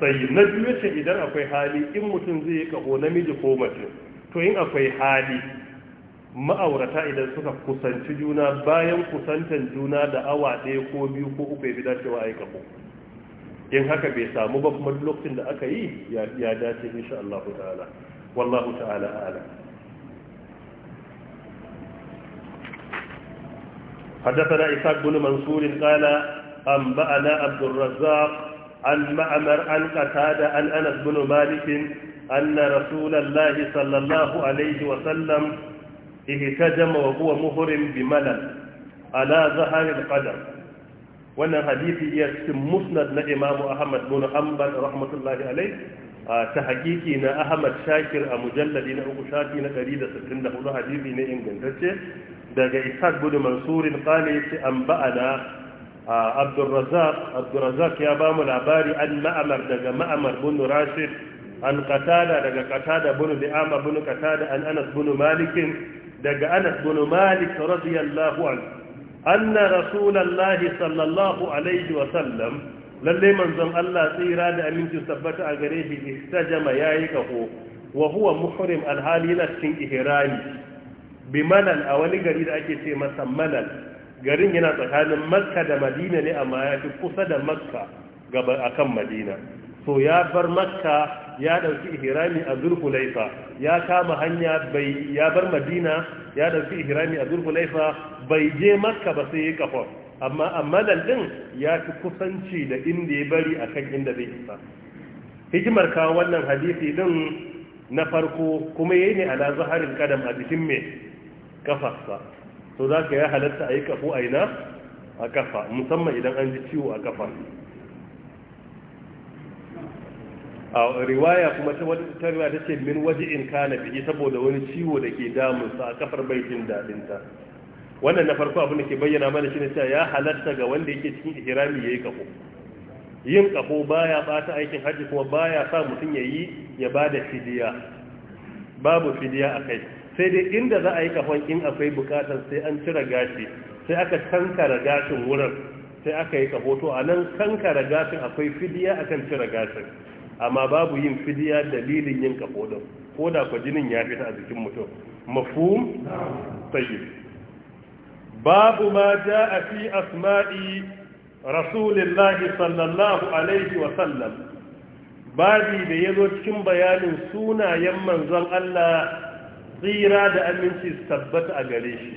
Speaker 1: sai na biyu ce idan akwai hali in mutum zai yi kaho namiji ko mace to in akwai hali ma'aurata idan suka kusanci juna bayan kusantan juna da awa ɗaya ko biyu ko uku ya fi a yi kaho in haka bai samu ba kuma lokacin da aka yi ya dace insha Allah ta'ala wallahu ta'ala ala حدثنا إسحاق بن منصور قال أنبأنا عبد الرزاق عن معمر عن قتادة عن أنس بن مالك أن رسول الله صلى الله عليه وسلم اهتجم وهو مهرم بملل على ظهر القدم wannan hadisi iya cikin musnad na imamu ahmad bin hanbal rahmatullahi alai ta hakiki na ahmad shakir a mujalladi na uku shafi na 164 hadisi ne ingantacce daga ishaq bin mansurin an ba'ana abdurrazak Abdulrazak ya ba mu labari an ma'amar daga ma'amar bunu rashid an qatada daga qatada bunu bi'ama bunu qatada an anas bunu malikin? daga anas bunu malik radiyallahu an. anna rasulallahi sallallahu alaihi wa sallam lalle manzon Allah tsira da aminci tabbata a gare shi istajama yayi kaho wa huwa muhrim alhali na cikin ihrami bi malal a wani gari da ake ce masa malal garin yana tsakanin makka da madina ne amma ya fi kusa da makka gaba kan madina so ya bar makka ya ɗauki ihirami a laifa, ya kama hanya bai ya bar madina ya ɗauki ihirami a laifa, bai je makka ba sai ya kafa amma a din ya fi kusanci da inda ya bari akan inda zai isa hikimar kawo wannan hadisi din na farko kuma yi ne ala zaharin kadam a jikin mai kafarsa to za ka ya halatta a yi kafo a ina a kafa musamman idan an ji ciwo a kafa a riwaya kuma ta riwaya ta ce min waje in kana fiye saboda wani ciwo da ke damunsa a kafar bai jin daɗinta wannan na farko abin da ke bayyana mana shi ne cewa ya halatta ga wanda yake cikin ihrami yi kafo yin kafo baya bata aikin hajji kuma baya sa mutum ya yi ya ba da fidiya babu fidiya a kai. sai dai inda za a yi kafan in akwai bukatar sai an cire gashi sai aka kankara gashin wurin sai aka yi kafoto a nan kankara gashin akwai fidiya akan cire gashin amma babu yin fidiya dalilin yin kafodon ko da kwa jinin ya fita a jikin mutum mafhum tayyib babu ma jaa fi asma'i rasulillahi sallallahu alaihi wa sallam babi da yazo cikin bayanin sunayen manzon Allah tsira da aminci su tabbata a gare shi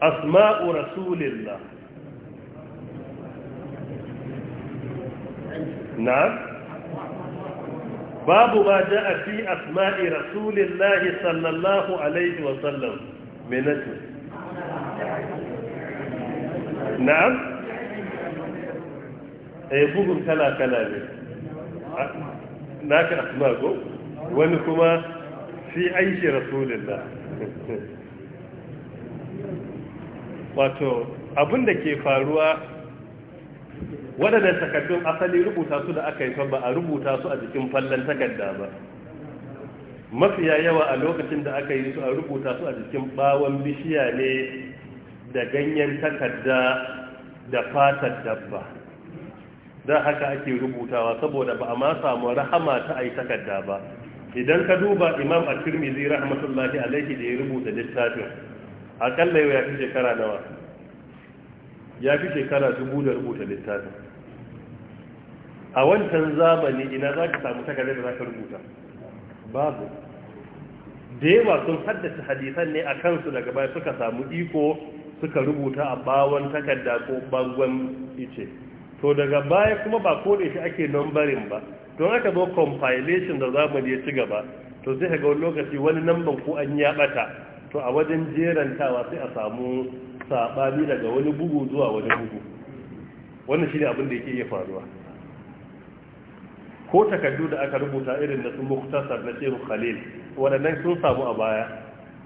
Speaker 1: asma'u rasulillah
Speaker 2: na babu
Speaker 1: ma ja a fi asma'i rasulillah sallallahu alaihi wasallam menatu na a eh, bugun kala-kala ne ah, na ka asma'a ko. wani kuma fi aiki rasulillah wato abin da ke faruwa waɗanda takardun asali rubuta su da aka yi ba a rubuta su a jikin fallon takarda ba mafiya yawa a lokacin da aka yi su a rubuta su a jikin bawon bishiya ne da ganyen takarda da fatar dabba da haka ake rubutawa saboda ba a ma samu rahama ta a yi takarda ba idan ka duba imam a tirmidhi rahmatullahi alaihi da ya rubuta littafin akalla yau ya fi shekara nawa ya fi shekara dubu da rubuta littafin a wancan zamani ina za ka samu takardar da za ka rubuta babu da yawa sun haddace hadisan ne a kansu daga baya suka samu iko suka rubuta a bawon takarda ko bangon ice to daga baya kuma ba kone shi ake nambarin ba don aka zo compilation da zamani ya ci gaba to sai ga wani lokaci wani namban ko an ya bata to a wajen jerantawa sai a samu sabani daga wani bugu zuwa wani bugu wannan shi ne abin da yake iya faruwa ko takardu da aka rubuta irin da su muktasar na shehu khalil waɗannan sun samu a baya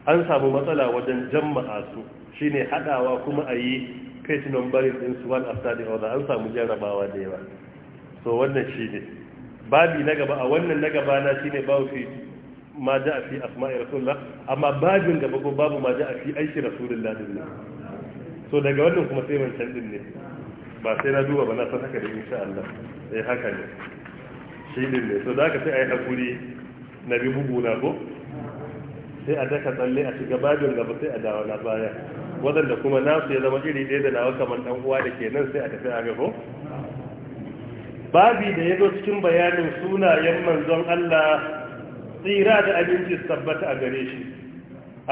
Speaker 1: an samu matsala wajen jama'a su shine haɗawa kuma a yi page number in su one after the other an samu jarabawa da yawa so wannan shi ne. babi na gaba a wannan na gaba na shine babu fi ma ja fi asma'i rasulullah amma babin gaba ko babu ma ja fi aiki rasulullah din so daga wannan kuma sai wancan din ne ba sai na duba ba na san haka da insha Allah eh haka ne shi din ne so da ka sai ai hakuri na bi bugu na ko sai a daka tsalle a shiga babin gaba sai a dawo na baya wadanda kuma nasu ya zama iri ɗaya da nawa kamar dan uwa da ke nan sai a tafi a gaba babi da ya zo cikin bayanin sunayen manzon Allah tsira da abinci tabbata a gare shi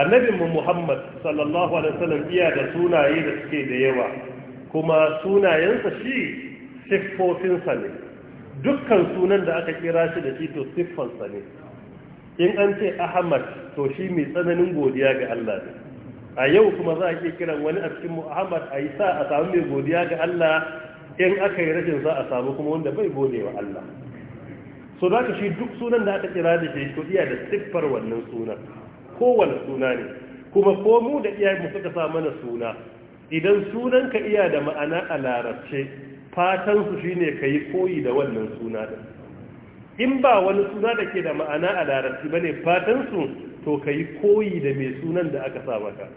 Speaker 1: annabinmu Muhammad sallallahu alaihi wasallam iya da sunaye da suke da yawa kuma sunayensa shi siffofinsa ne dukkan sunan da aka kira shi da shi to sa ne in an ce Ahmad to shi mai tsananin godiya ga Allah ne a yau kuma za a iya kiran wani a cikin Ahmad a yi sa a samu mai godiya ga Allah in aka yi rashin za a samu kuma wanda bai gode wa Allah so za ka shi duk sunan da aka kira da shi to iya da siffar wannan sunan kowane suna ne kuma ko mu da mu suka sa mana suna idan sunan ka iya da ma'ana a larabce fatan su shine ka koyi da wannan suna da in ba wani suna da ke da ma'ana a larabci bane fatan su to ka koyi da mai sunan da aka sa maka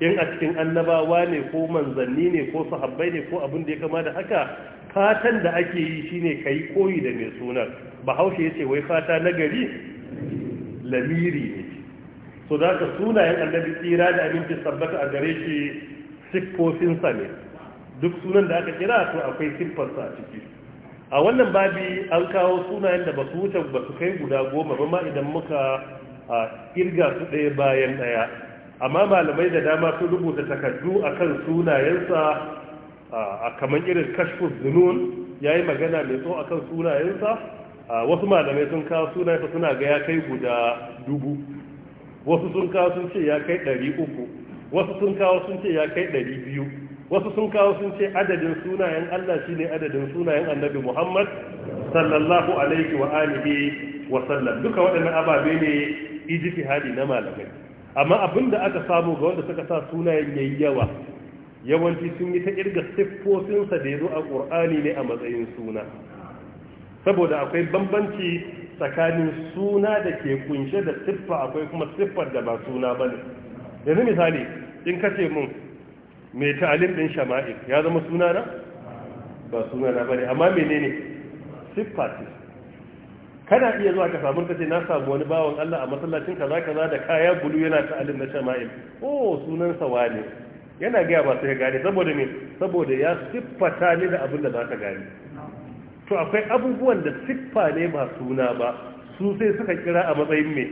Speaker 1: in a cikin annabawa ne ko manzanni ne ko sahabbai ne ko abin da ya kama da haka fatan da ake yi shine kai koyi da mai sunan bahaushe ya ce wai fata na gari lamiri ne so da ka sunayen annabi tsira da abinci sabbata a gare shi siffofinsa ne duk sunan da aka kira to akwai siffarsa a ciki a wannan babi an kawo sunayen da ba su wuce ba su kai guda goma ba ma idan muka kirga su ɗaya bayan ɗaya amma malamai da dama sun rubuta takardu a kan sunayensa a kamar irin kashfus zunun ya yi magana mai tso kan sunayensa wasu malamai sun kawo sunayensa suna ga ya kai guda dubu wasu sun kawo sun ce ya kai ɗari uku wasu sun kawo sun ce ya kai ɗari biyu wasu sun kawo sun ce adadin sunayen Allah shi ne adadin sunayen annabi Muhammad sallallahu alaihi wa alihi wa sallam duka waɗannan ababe ne ijtihadi na malamai amma abin da aka samu ga wanda suka sa sunayen yayi yawa yawanci sun yi ta kirga siffofinsa da ya zo a ƙur'ani ne a matsayin suna saboda akwai bambanci tsakanin suna da ke kunshe da siffa akwai kuma siffar da ba suna ba ne yanzu misali in ka ce mun mai ta'alim din shama'il ya zama suna na ba suna na ba ne amma menene siffa ce kana iya zuwa ka samu ka ce na samu wani bawan Allah a masallacin kaza kaza da kaya bulu yana ta alin na shama'il oh sunan sa yana gaya ba sai gane saboda me saboda ya siffata ne da abin da za ka gane to akwai abubuwan da siffa ne ba suna ba su sai suka kira a matsayin mai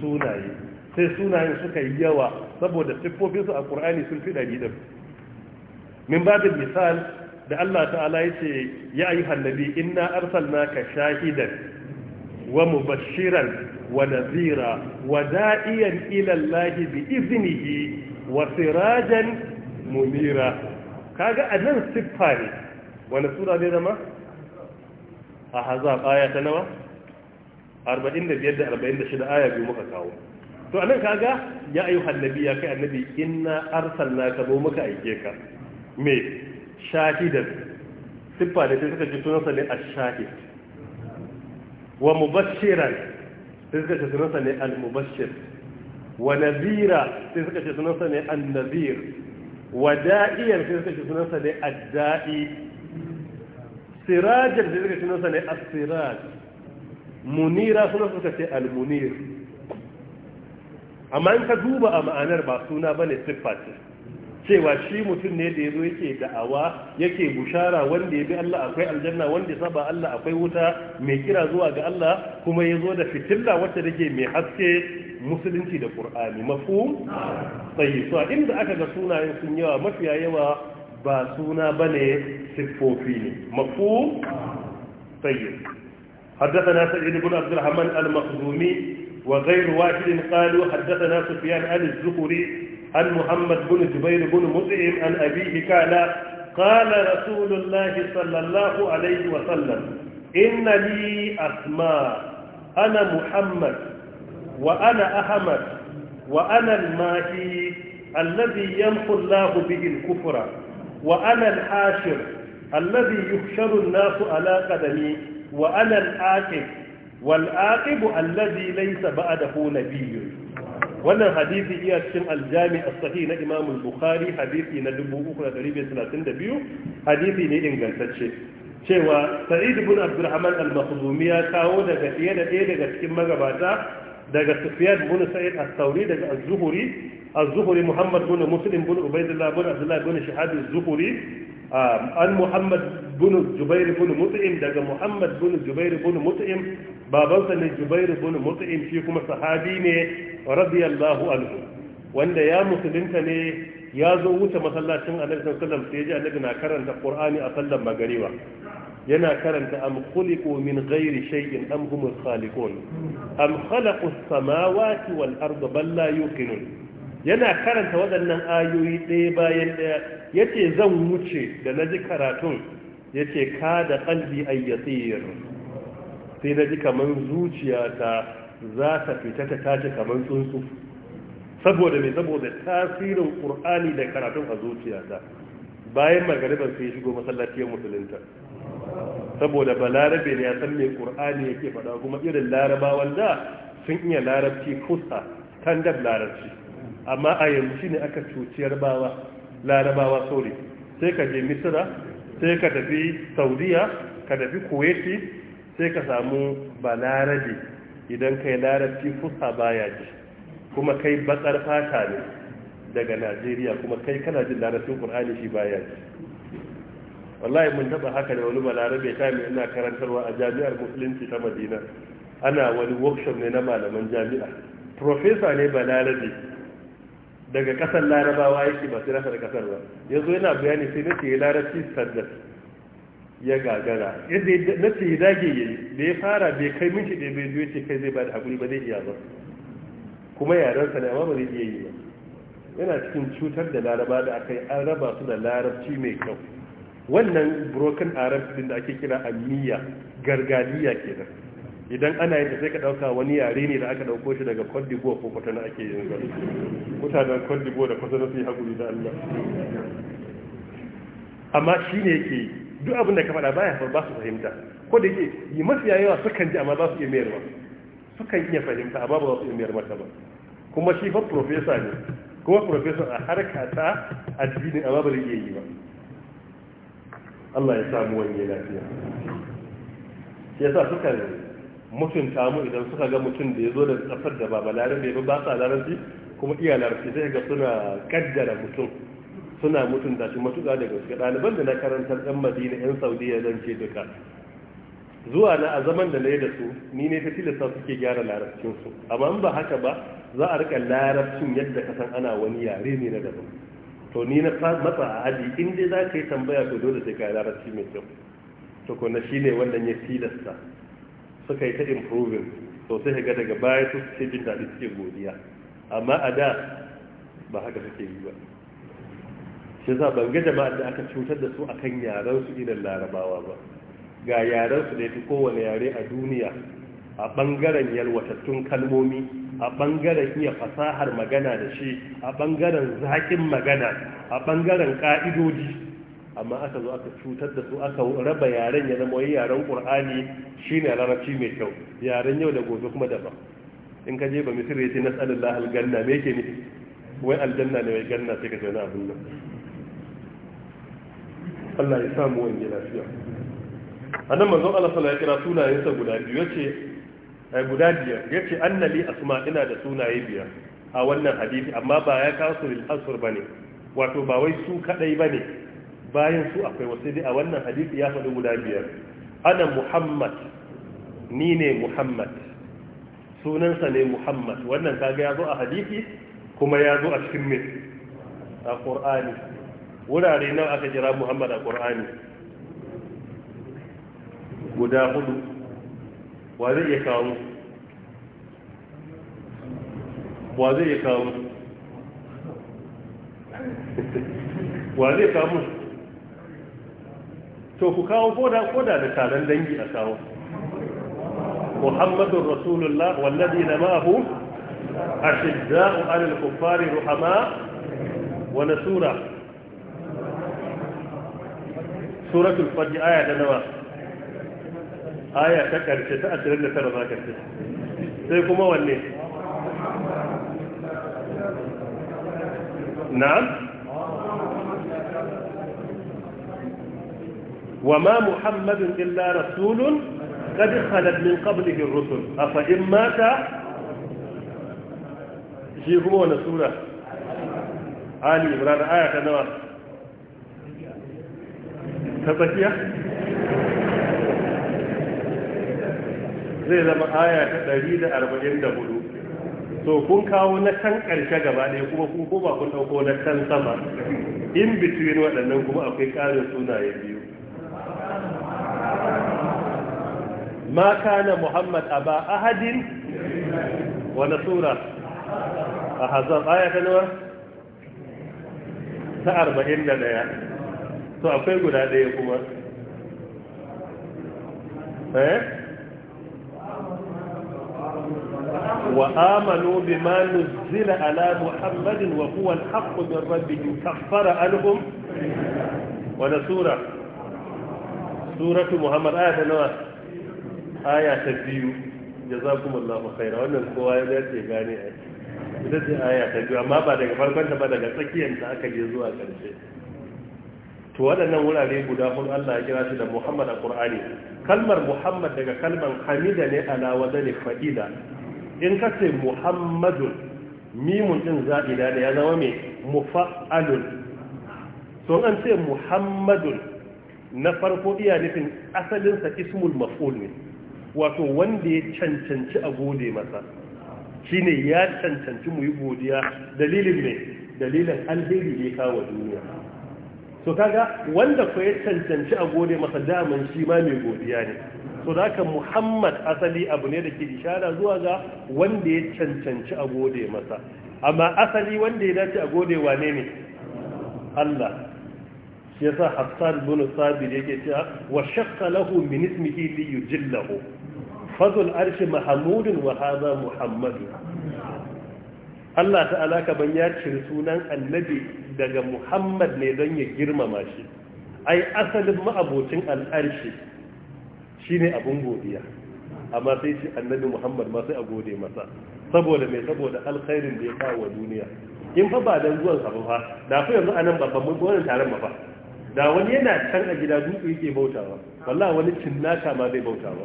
Speaker 1: sunaye sai sunayen suka yi yawa saboda siffofinsu a ƙur'ani sun fi ɗari da min babu misal da Allah ta'ala ya ce ya ayyuhan nabi inna arsalnaka shahidan wa mubashiran wa nazira wa da'iyan ila Allah bi iznihi wa sirajan munira kaga anan siffa ne wani sura ne zama a hazab aya ta nawa 45 da 46 aya biyu muka kawo to anan kaga ya ayu annabi ya kai annabi inna ka, mu muka aike ka me shahidan siffa da sai suka ji sunansa ne ash-shahid wa mubashiran sai suka ce sunansa ne al-mubashir wa nabira sai suka ce sunansa ne an-nabir wa da'iyan sai suka ce sunansa ne ad-da'i sirajan sai suka ce sunansa ne as-siraj munira sunan suka ce al-munir amma in ka duba a ma'anar ba suna bane siffa ce cewa shi mutum ne da ya zo yake da'awa yake bushara wanda ya bi Allah akwai aljanna wanda ya saba Allah akwai wuta mai kira zuwa ga Allah kuma ya zo da fitilla wacce take mai haske musulunci da qur'ani mafu sai so inda aka ga sunayen sun yawa mafiya yawa ba suna bane siffofi ne mafhum tsayi حدثنا سعيد بن عبد الرحمن المخزومي وغير واحد قالوا حدثنا سفيان عن الزهري عن محمد بن جبير بن مطعم عن أبيه قال قال رسول الله صلى الله عليه وسلم إن لي أسماء أنا محمد وأنا أحمد وأنا الماهي الذي يمحو الله به الكفر وأنا الحاشر الذي يحشر الناس على قدمي وأنا الآكب والآقب الذي ليس بعده نبي wannan hadisi iya cikin aljami a sahi na imamul bukhari hadisi na 3532 hadisi ne ingantacce cewa Sa'id ibn Abdurrahman al-Makhzumi ya kawo daga ɗaya da ɗaya daga cikin magabata daga Sufyan ibn Sa'id as-Sauri daga az zuhuri az zuhuri Muhammad ibn Muslim ibn Ubaydullah ibn Abdullah ibn shahadu az an Muhammad ibn Jubair ibn Mut'im daga Muhammad ibn Jubair ibn Mut'im babansa ne Jubair ibn Mut'im shi kuma sahabi ne radiyallahu anhu wanda ya musulunta ne ya zo wuce masallacin annabi sallallahu alaihi sai ya ji annabi na karanta qur'ani a sallar magariba yana karanta am khuliqu min ghairi shay'in am khaliqun am khalaqu samawati wal arda bal la yuqinun yana karanta waɗannan ayoyi ɗaya bayan ɗaya yace zan wuce da na ji karatun yace ka da qalbi ayyatir sai naji kaman zuciyata za ta fita ta tace kamar tsuntsu saboda mai saboda tasirin ƙur'ani da karatun a zuciya ta, bayan magariban sai shigo masallaciyar musulunta saboda ba larabe ne ya san mai ƙur'ani yake faɗa kuma irin larabawan da sun iya larabci kusa dab larabci amma a yanzu ne aka cuciyar bawa larabawa sauri sai ka je misira sai ka tafi saudiya ka tafi kuwaiti sai ka samu balarabe idan kai larabci fusa baya ji kuma kai batsar fata ne daga najeriya kuma kai kana jin larabcin ƙur'ani shi baya ji wallahi mun taba haka da wani balarabe ta mai ina karantarwa a jami'ar musulunci ta madina ana wani workshop ne na malaman jami'a profesa ne balarabe daga kasar larabawa yake ba sai rasa da ƙasar ba yanzu yana bayani sai nake larabci standard ya gagara yadda na ce ya dage ya yi da ya fara bai kai minti da bai zuwa ce kai zai ba da haƙuri ba zai iya ba kuma yarensa ne amma ba zai iya yi ba yana cikin cutar da laraba da aka yi an raba su da larabci mai kyau wannan broken arab din da ake kira amiya gargadiya da idan ana yin sai ka ɗauka wani yare ne da aka ɗauko shi daga Cote d'Ivoire ko kwatana ake yin mutanen Cote d'Ivoire da kwatana su yi haƙuri da Allah amma shi ne yake duk abin da ka faɗa baya ba su fahimta ko da yake yi mafiya yawa sukan ji amma ba su iya mayar ba sukan iya fahimta amma ba za su iya mayar mata ba kuma shi fa profesa ne kuma profesa a harka ta addini amma ba zai iya yi ba Allah ya samu wani lafiya shi yasa suka mutunta mu idan suka ga mutum da ya zo da tsafar da ba balare bai ba sa larabci kuma iya larabci sai ga suna kaddara mutum suna mutunta shi matuƙa da gaske ɗaliban da na karantar ɗan madina yan saudiya zan ce duka zuwa na a zaman da na yi da su ni ne ta tilasta suke gyara larabcinsu amma in ba haka ba za a rika larabcin yadda ka san ana wani yare ne na daban to ni na matsa a aji in dai za ka yi tambaya to dole sai ka larabci mai kyau to kuma shi ne wannan ya tilasta suka yi ta improving to sai ga daga baya su ce jin daɗi suke godiya amma a da ba haka suke yi ba shi za ban ga jama'ar da aka cutar da su akan yaran su idan larabawa ba ga yaran su da fi kowane yare a duniya a bangaren yalwatattun kalmomi a ɓangaren iya fasahar magana da shi a ɓangaren zaƙin magana a ɓangaren ƙa'idoji amma aka zo aka cutar da su aka raba yaren ya zama yaren ƙur'ani ne larabci mai kyau yaren yau da gobe kuma daban in ka je ba misir ya ce na tsarin lahal ganna me ke nufi wai aljanna ne wai ganna sai ka zauna abin nan Allah ya samu wani lafiya a nan manzon Allah sallallahu alaihi kira sunayensa guda biyu yace guda biyar yace annali asma ina da sunaye biyar a wannan hadisi amma ba ya kasu lil asr bane wato ba wai su kadai bane bayan su akwai wasu dai a wannan hadisi ya faɗi guda biyar ana muhammad ni ne muhammad sunansa ne muhammad wannan kaga ya zo a hadisi kuma ya zo a cikin mai a qur'ani wurare nan aka jira muhammad a ƙur'ani guda hudu wa zai iya kawo wa zai iya kawo wa zai kawo to ku kawo koda koda da taron dangi a kawo muhammadun rasulullah wallazi na ma'ahu ashidda alal kuffari ruhama wa nasura suratul fati aya ta nawa aya ta karshe ta 29 za ce sai kuma wanne na'am wa ma muhammadun illa rasulun qad khalat min qablihi ar-rusul afa mata shi kuma wannan sura ali ta nawa ta tsakiya zai zama aya ta 144 to kun kawo na can ƙarshe gaba ɗaya kuma kun koma kun ɗauko na can sama in between waɗannan kuma akwai ƙarin sunaye biyu ma kana muhammad a ba ahadin wani sura a hazan aya ta nawa ta 41 to akwai guda ɗaya kuma eh wa amanu ma nuzila ala muhammadin wa huwa al-haqqu min rabbihim kaffara anhum wa sura suratu muhammad ayat nawa aya ta biyu jazakumullahu khaira wannan kowa ya ce gane ai ita ce aya ta biyu amma ba daga farkon ta ba daga tsakiyar ta aka je zuwa karshe to waɗannan wurare guda hudu Allah ya kira shi da Muhammad a Qur'ani kalmar Muhammad daga kalmar Hamida ne ala wazani fa'ila in ka ce Muhammadun mimun din za'ida da ya zama mai mufa'alun so an ce Muhammadun na farko iya nufin asalin sa ismul maf'ul ne wato wanda ya cancanci a gode masa shine ya cancanci mu yi godiya dalilin ne dalilin alheri da ya kawo duniya to kaga wanda ku ya cancanci a gode masa daman shi ma mai godiya ne to da muhammad asali abu ne da ke ishara zuwa ga wanda ya cancanci a gode masa amma asali wanda ya dace a gode wane ne allah shi sa hassan bin sabir yake cewa wa shakka lahu min ismihi li yujillahu fadl arshi mahmudun wa hadha muhammadu Allah ta'ala kaban ya cire sunan annabi daga Muhammad ne don ya girmama shi ai asalin ma'abocin al'arshi shine abun godiya amma sai shi annabi Muhammad ma sai a gode masa saboda mai saboda alkhairin da ya kawo wa duniya in fa ba dan zuwan abu fa da fa yanzu anan babban mun wannan taron ba da wani yana can a gida dutse yake bautawa wallahi wani cinnaka ma zai bautawa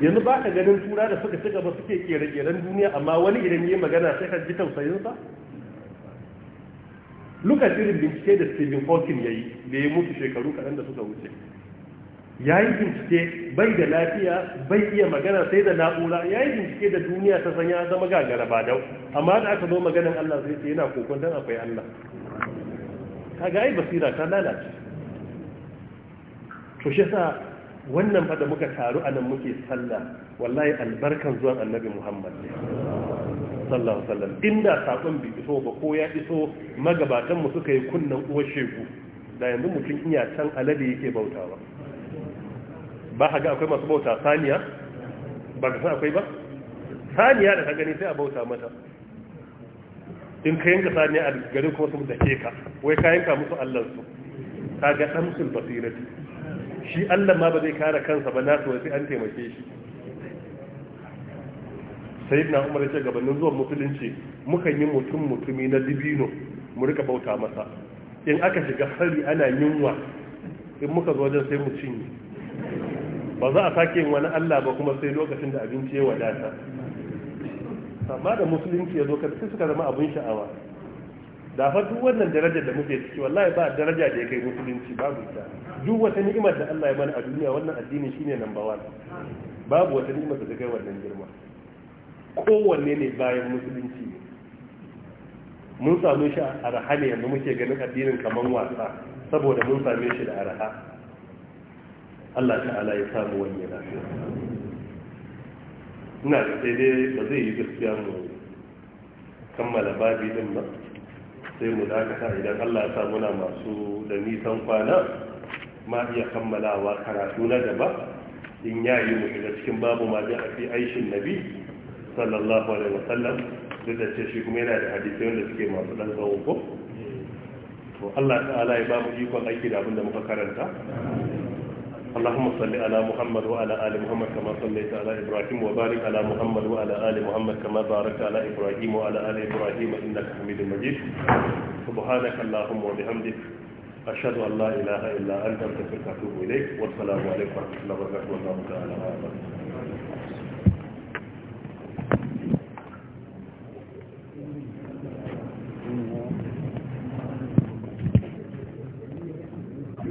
Speaker 1: yanzu ba ka ganin tura da suka cika ba suke kera keren duniya amma wani idan yi magana sai ka ji tausayinsa lokacin bincike da stephen hawking ya yi da ya mutu shekaru kaɗan da suka wuce ya yi bincike bai da lafiya bai iya magana sai da na'ura ya yi bincike da duniya ta sanya zama gagara ba dau amma da aka zo maganin allah zai ce yana kokon don akwai allah kaga ai basira ta lalace to shi sa wannan fa da muka taru anan muke sallah wallahi albarkan zuwan annabi muhammad sallallahu sallam inda sakon bi iso ba ko ya iso magabatan mu suka yi kunnan uwar shegu da yanzu mutum iya can alade yake bautawa ba haka akwai masu bauta saniya ba ka san akwai ba saniya da ka gani sai a bauta mata in ka yanka saniya a gari kuma sun dake ka wai ka yanka musu allansu ka ga ɗamsul basirati shi Allah ma ba zai kare kansa ba nasu sai an taimake shi sai na umar ce gabanin zuwan musulunci mukan yi mutum mutumi na dibino mu rika bauta masa in aka shiga hari ana yunwa in muka zo wajen sai mu cinye ba za a sake wani Allah ba kuma sai lokacin da abinci ya wadata amma da musulunci ya zo kai suka zama abin sha'awa da fa duk wannan darajar da muke ciki wallahi ba daraja da ya kai musulunci babu ita duk wata ni'imar da Allah ya mana a duniya wannan addini shine number 1 babu wata ni'imar da ta kai wannan girma kowanne ne bayan musulunci ne mun samu shi a araha ne yanzu muke ganin addinin kamar wasa saboda mun same shi da araha Allah ta'ala ya samu wani lafiya ina da sai dai ba zai yi gaskiya mu kammala babi din ba sai mu dakata idan Allah ya sa muna masu da nisan kwana ma iya kammalawa karatu na gaba in yayi mu shiga cikin babu ma da fi aishin nabi sallallahu alaihi wasallam duk da ce shi kuma yana da hadisi wanda suke masu dan tsawo ko to Allah ta'ala ya ba mu ikon aiki da abin da muka karanta اللهم صل على محمد وعلى آل محمد كما صليت على إبراهيم وبارك على محمد وعلى آل محمد كما باركت على إبراهيم وعلى آل إبراهيم إنك حميد مجيد سبحانك اللهم وبحمدك أشهد أن لا إله إلا أنت أستغفرك وأتوب إليك والسلام عليكم ورحمة الله وبركاته والله تعالى وبركاته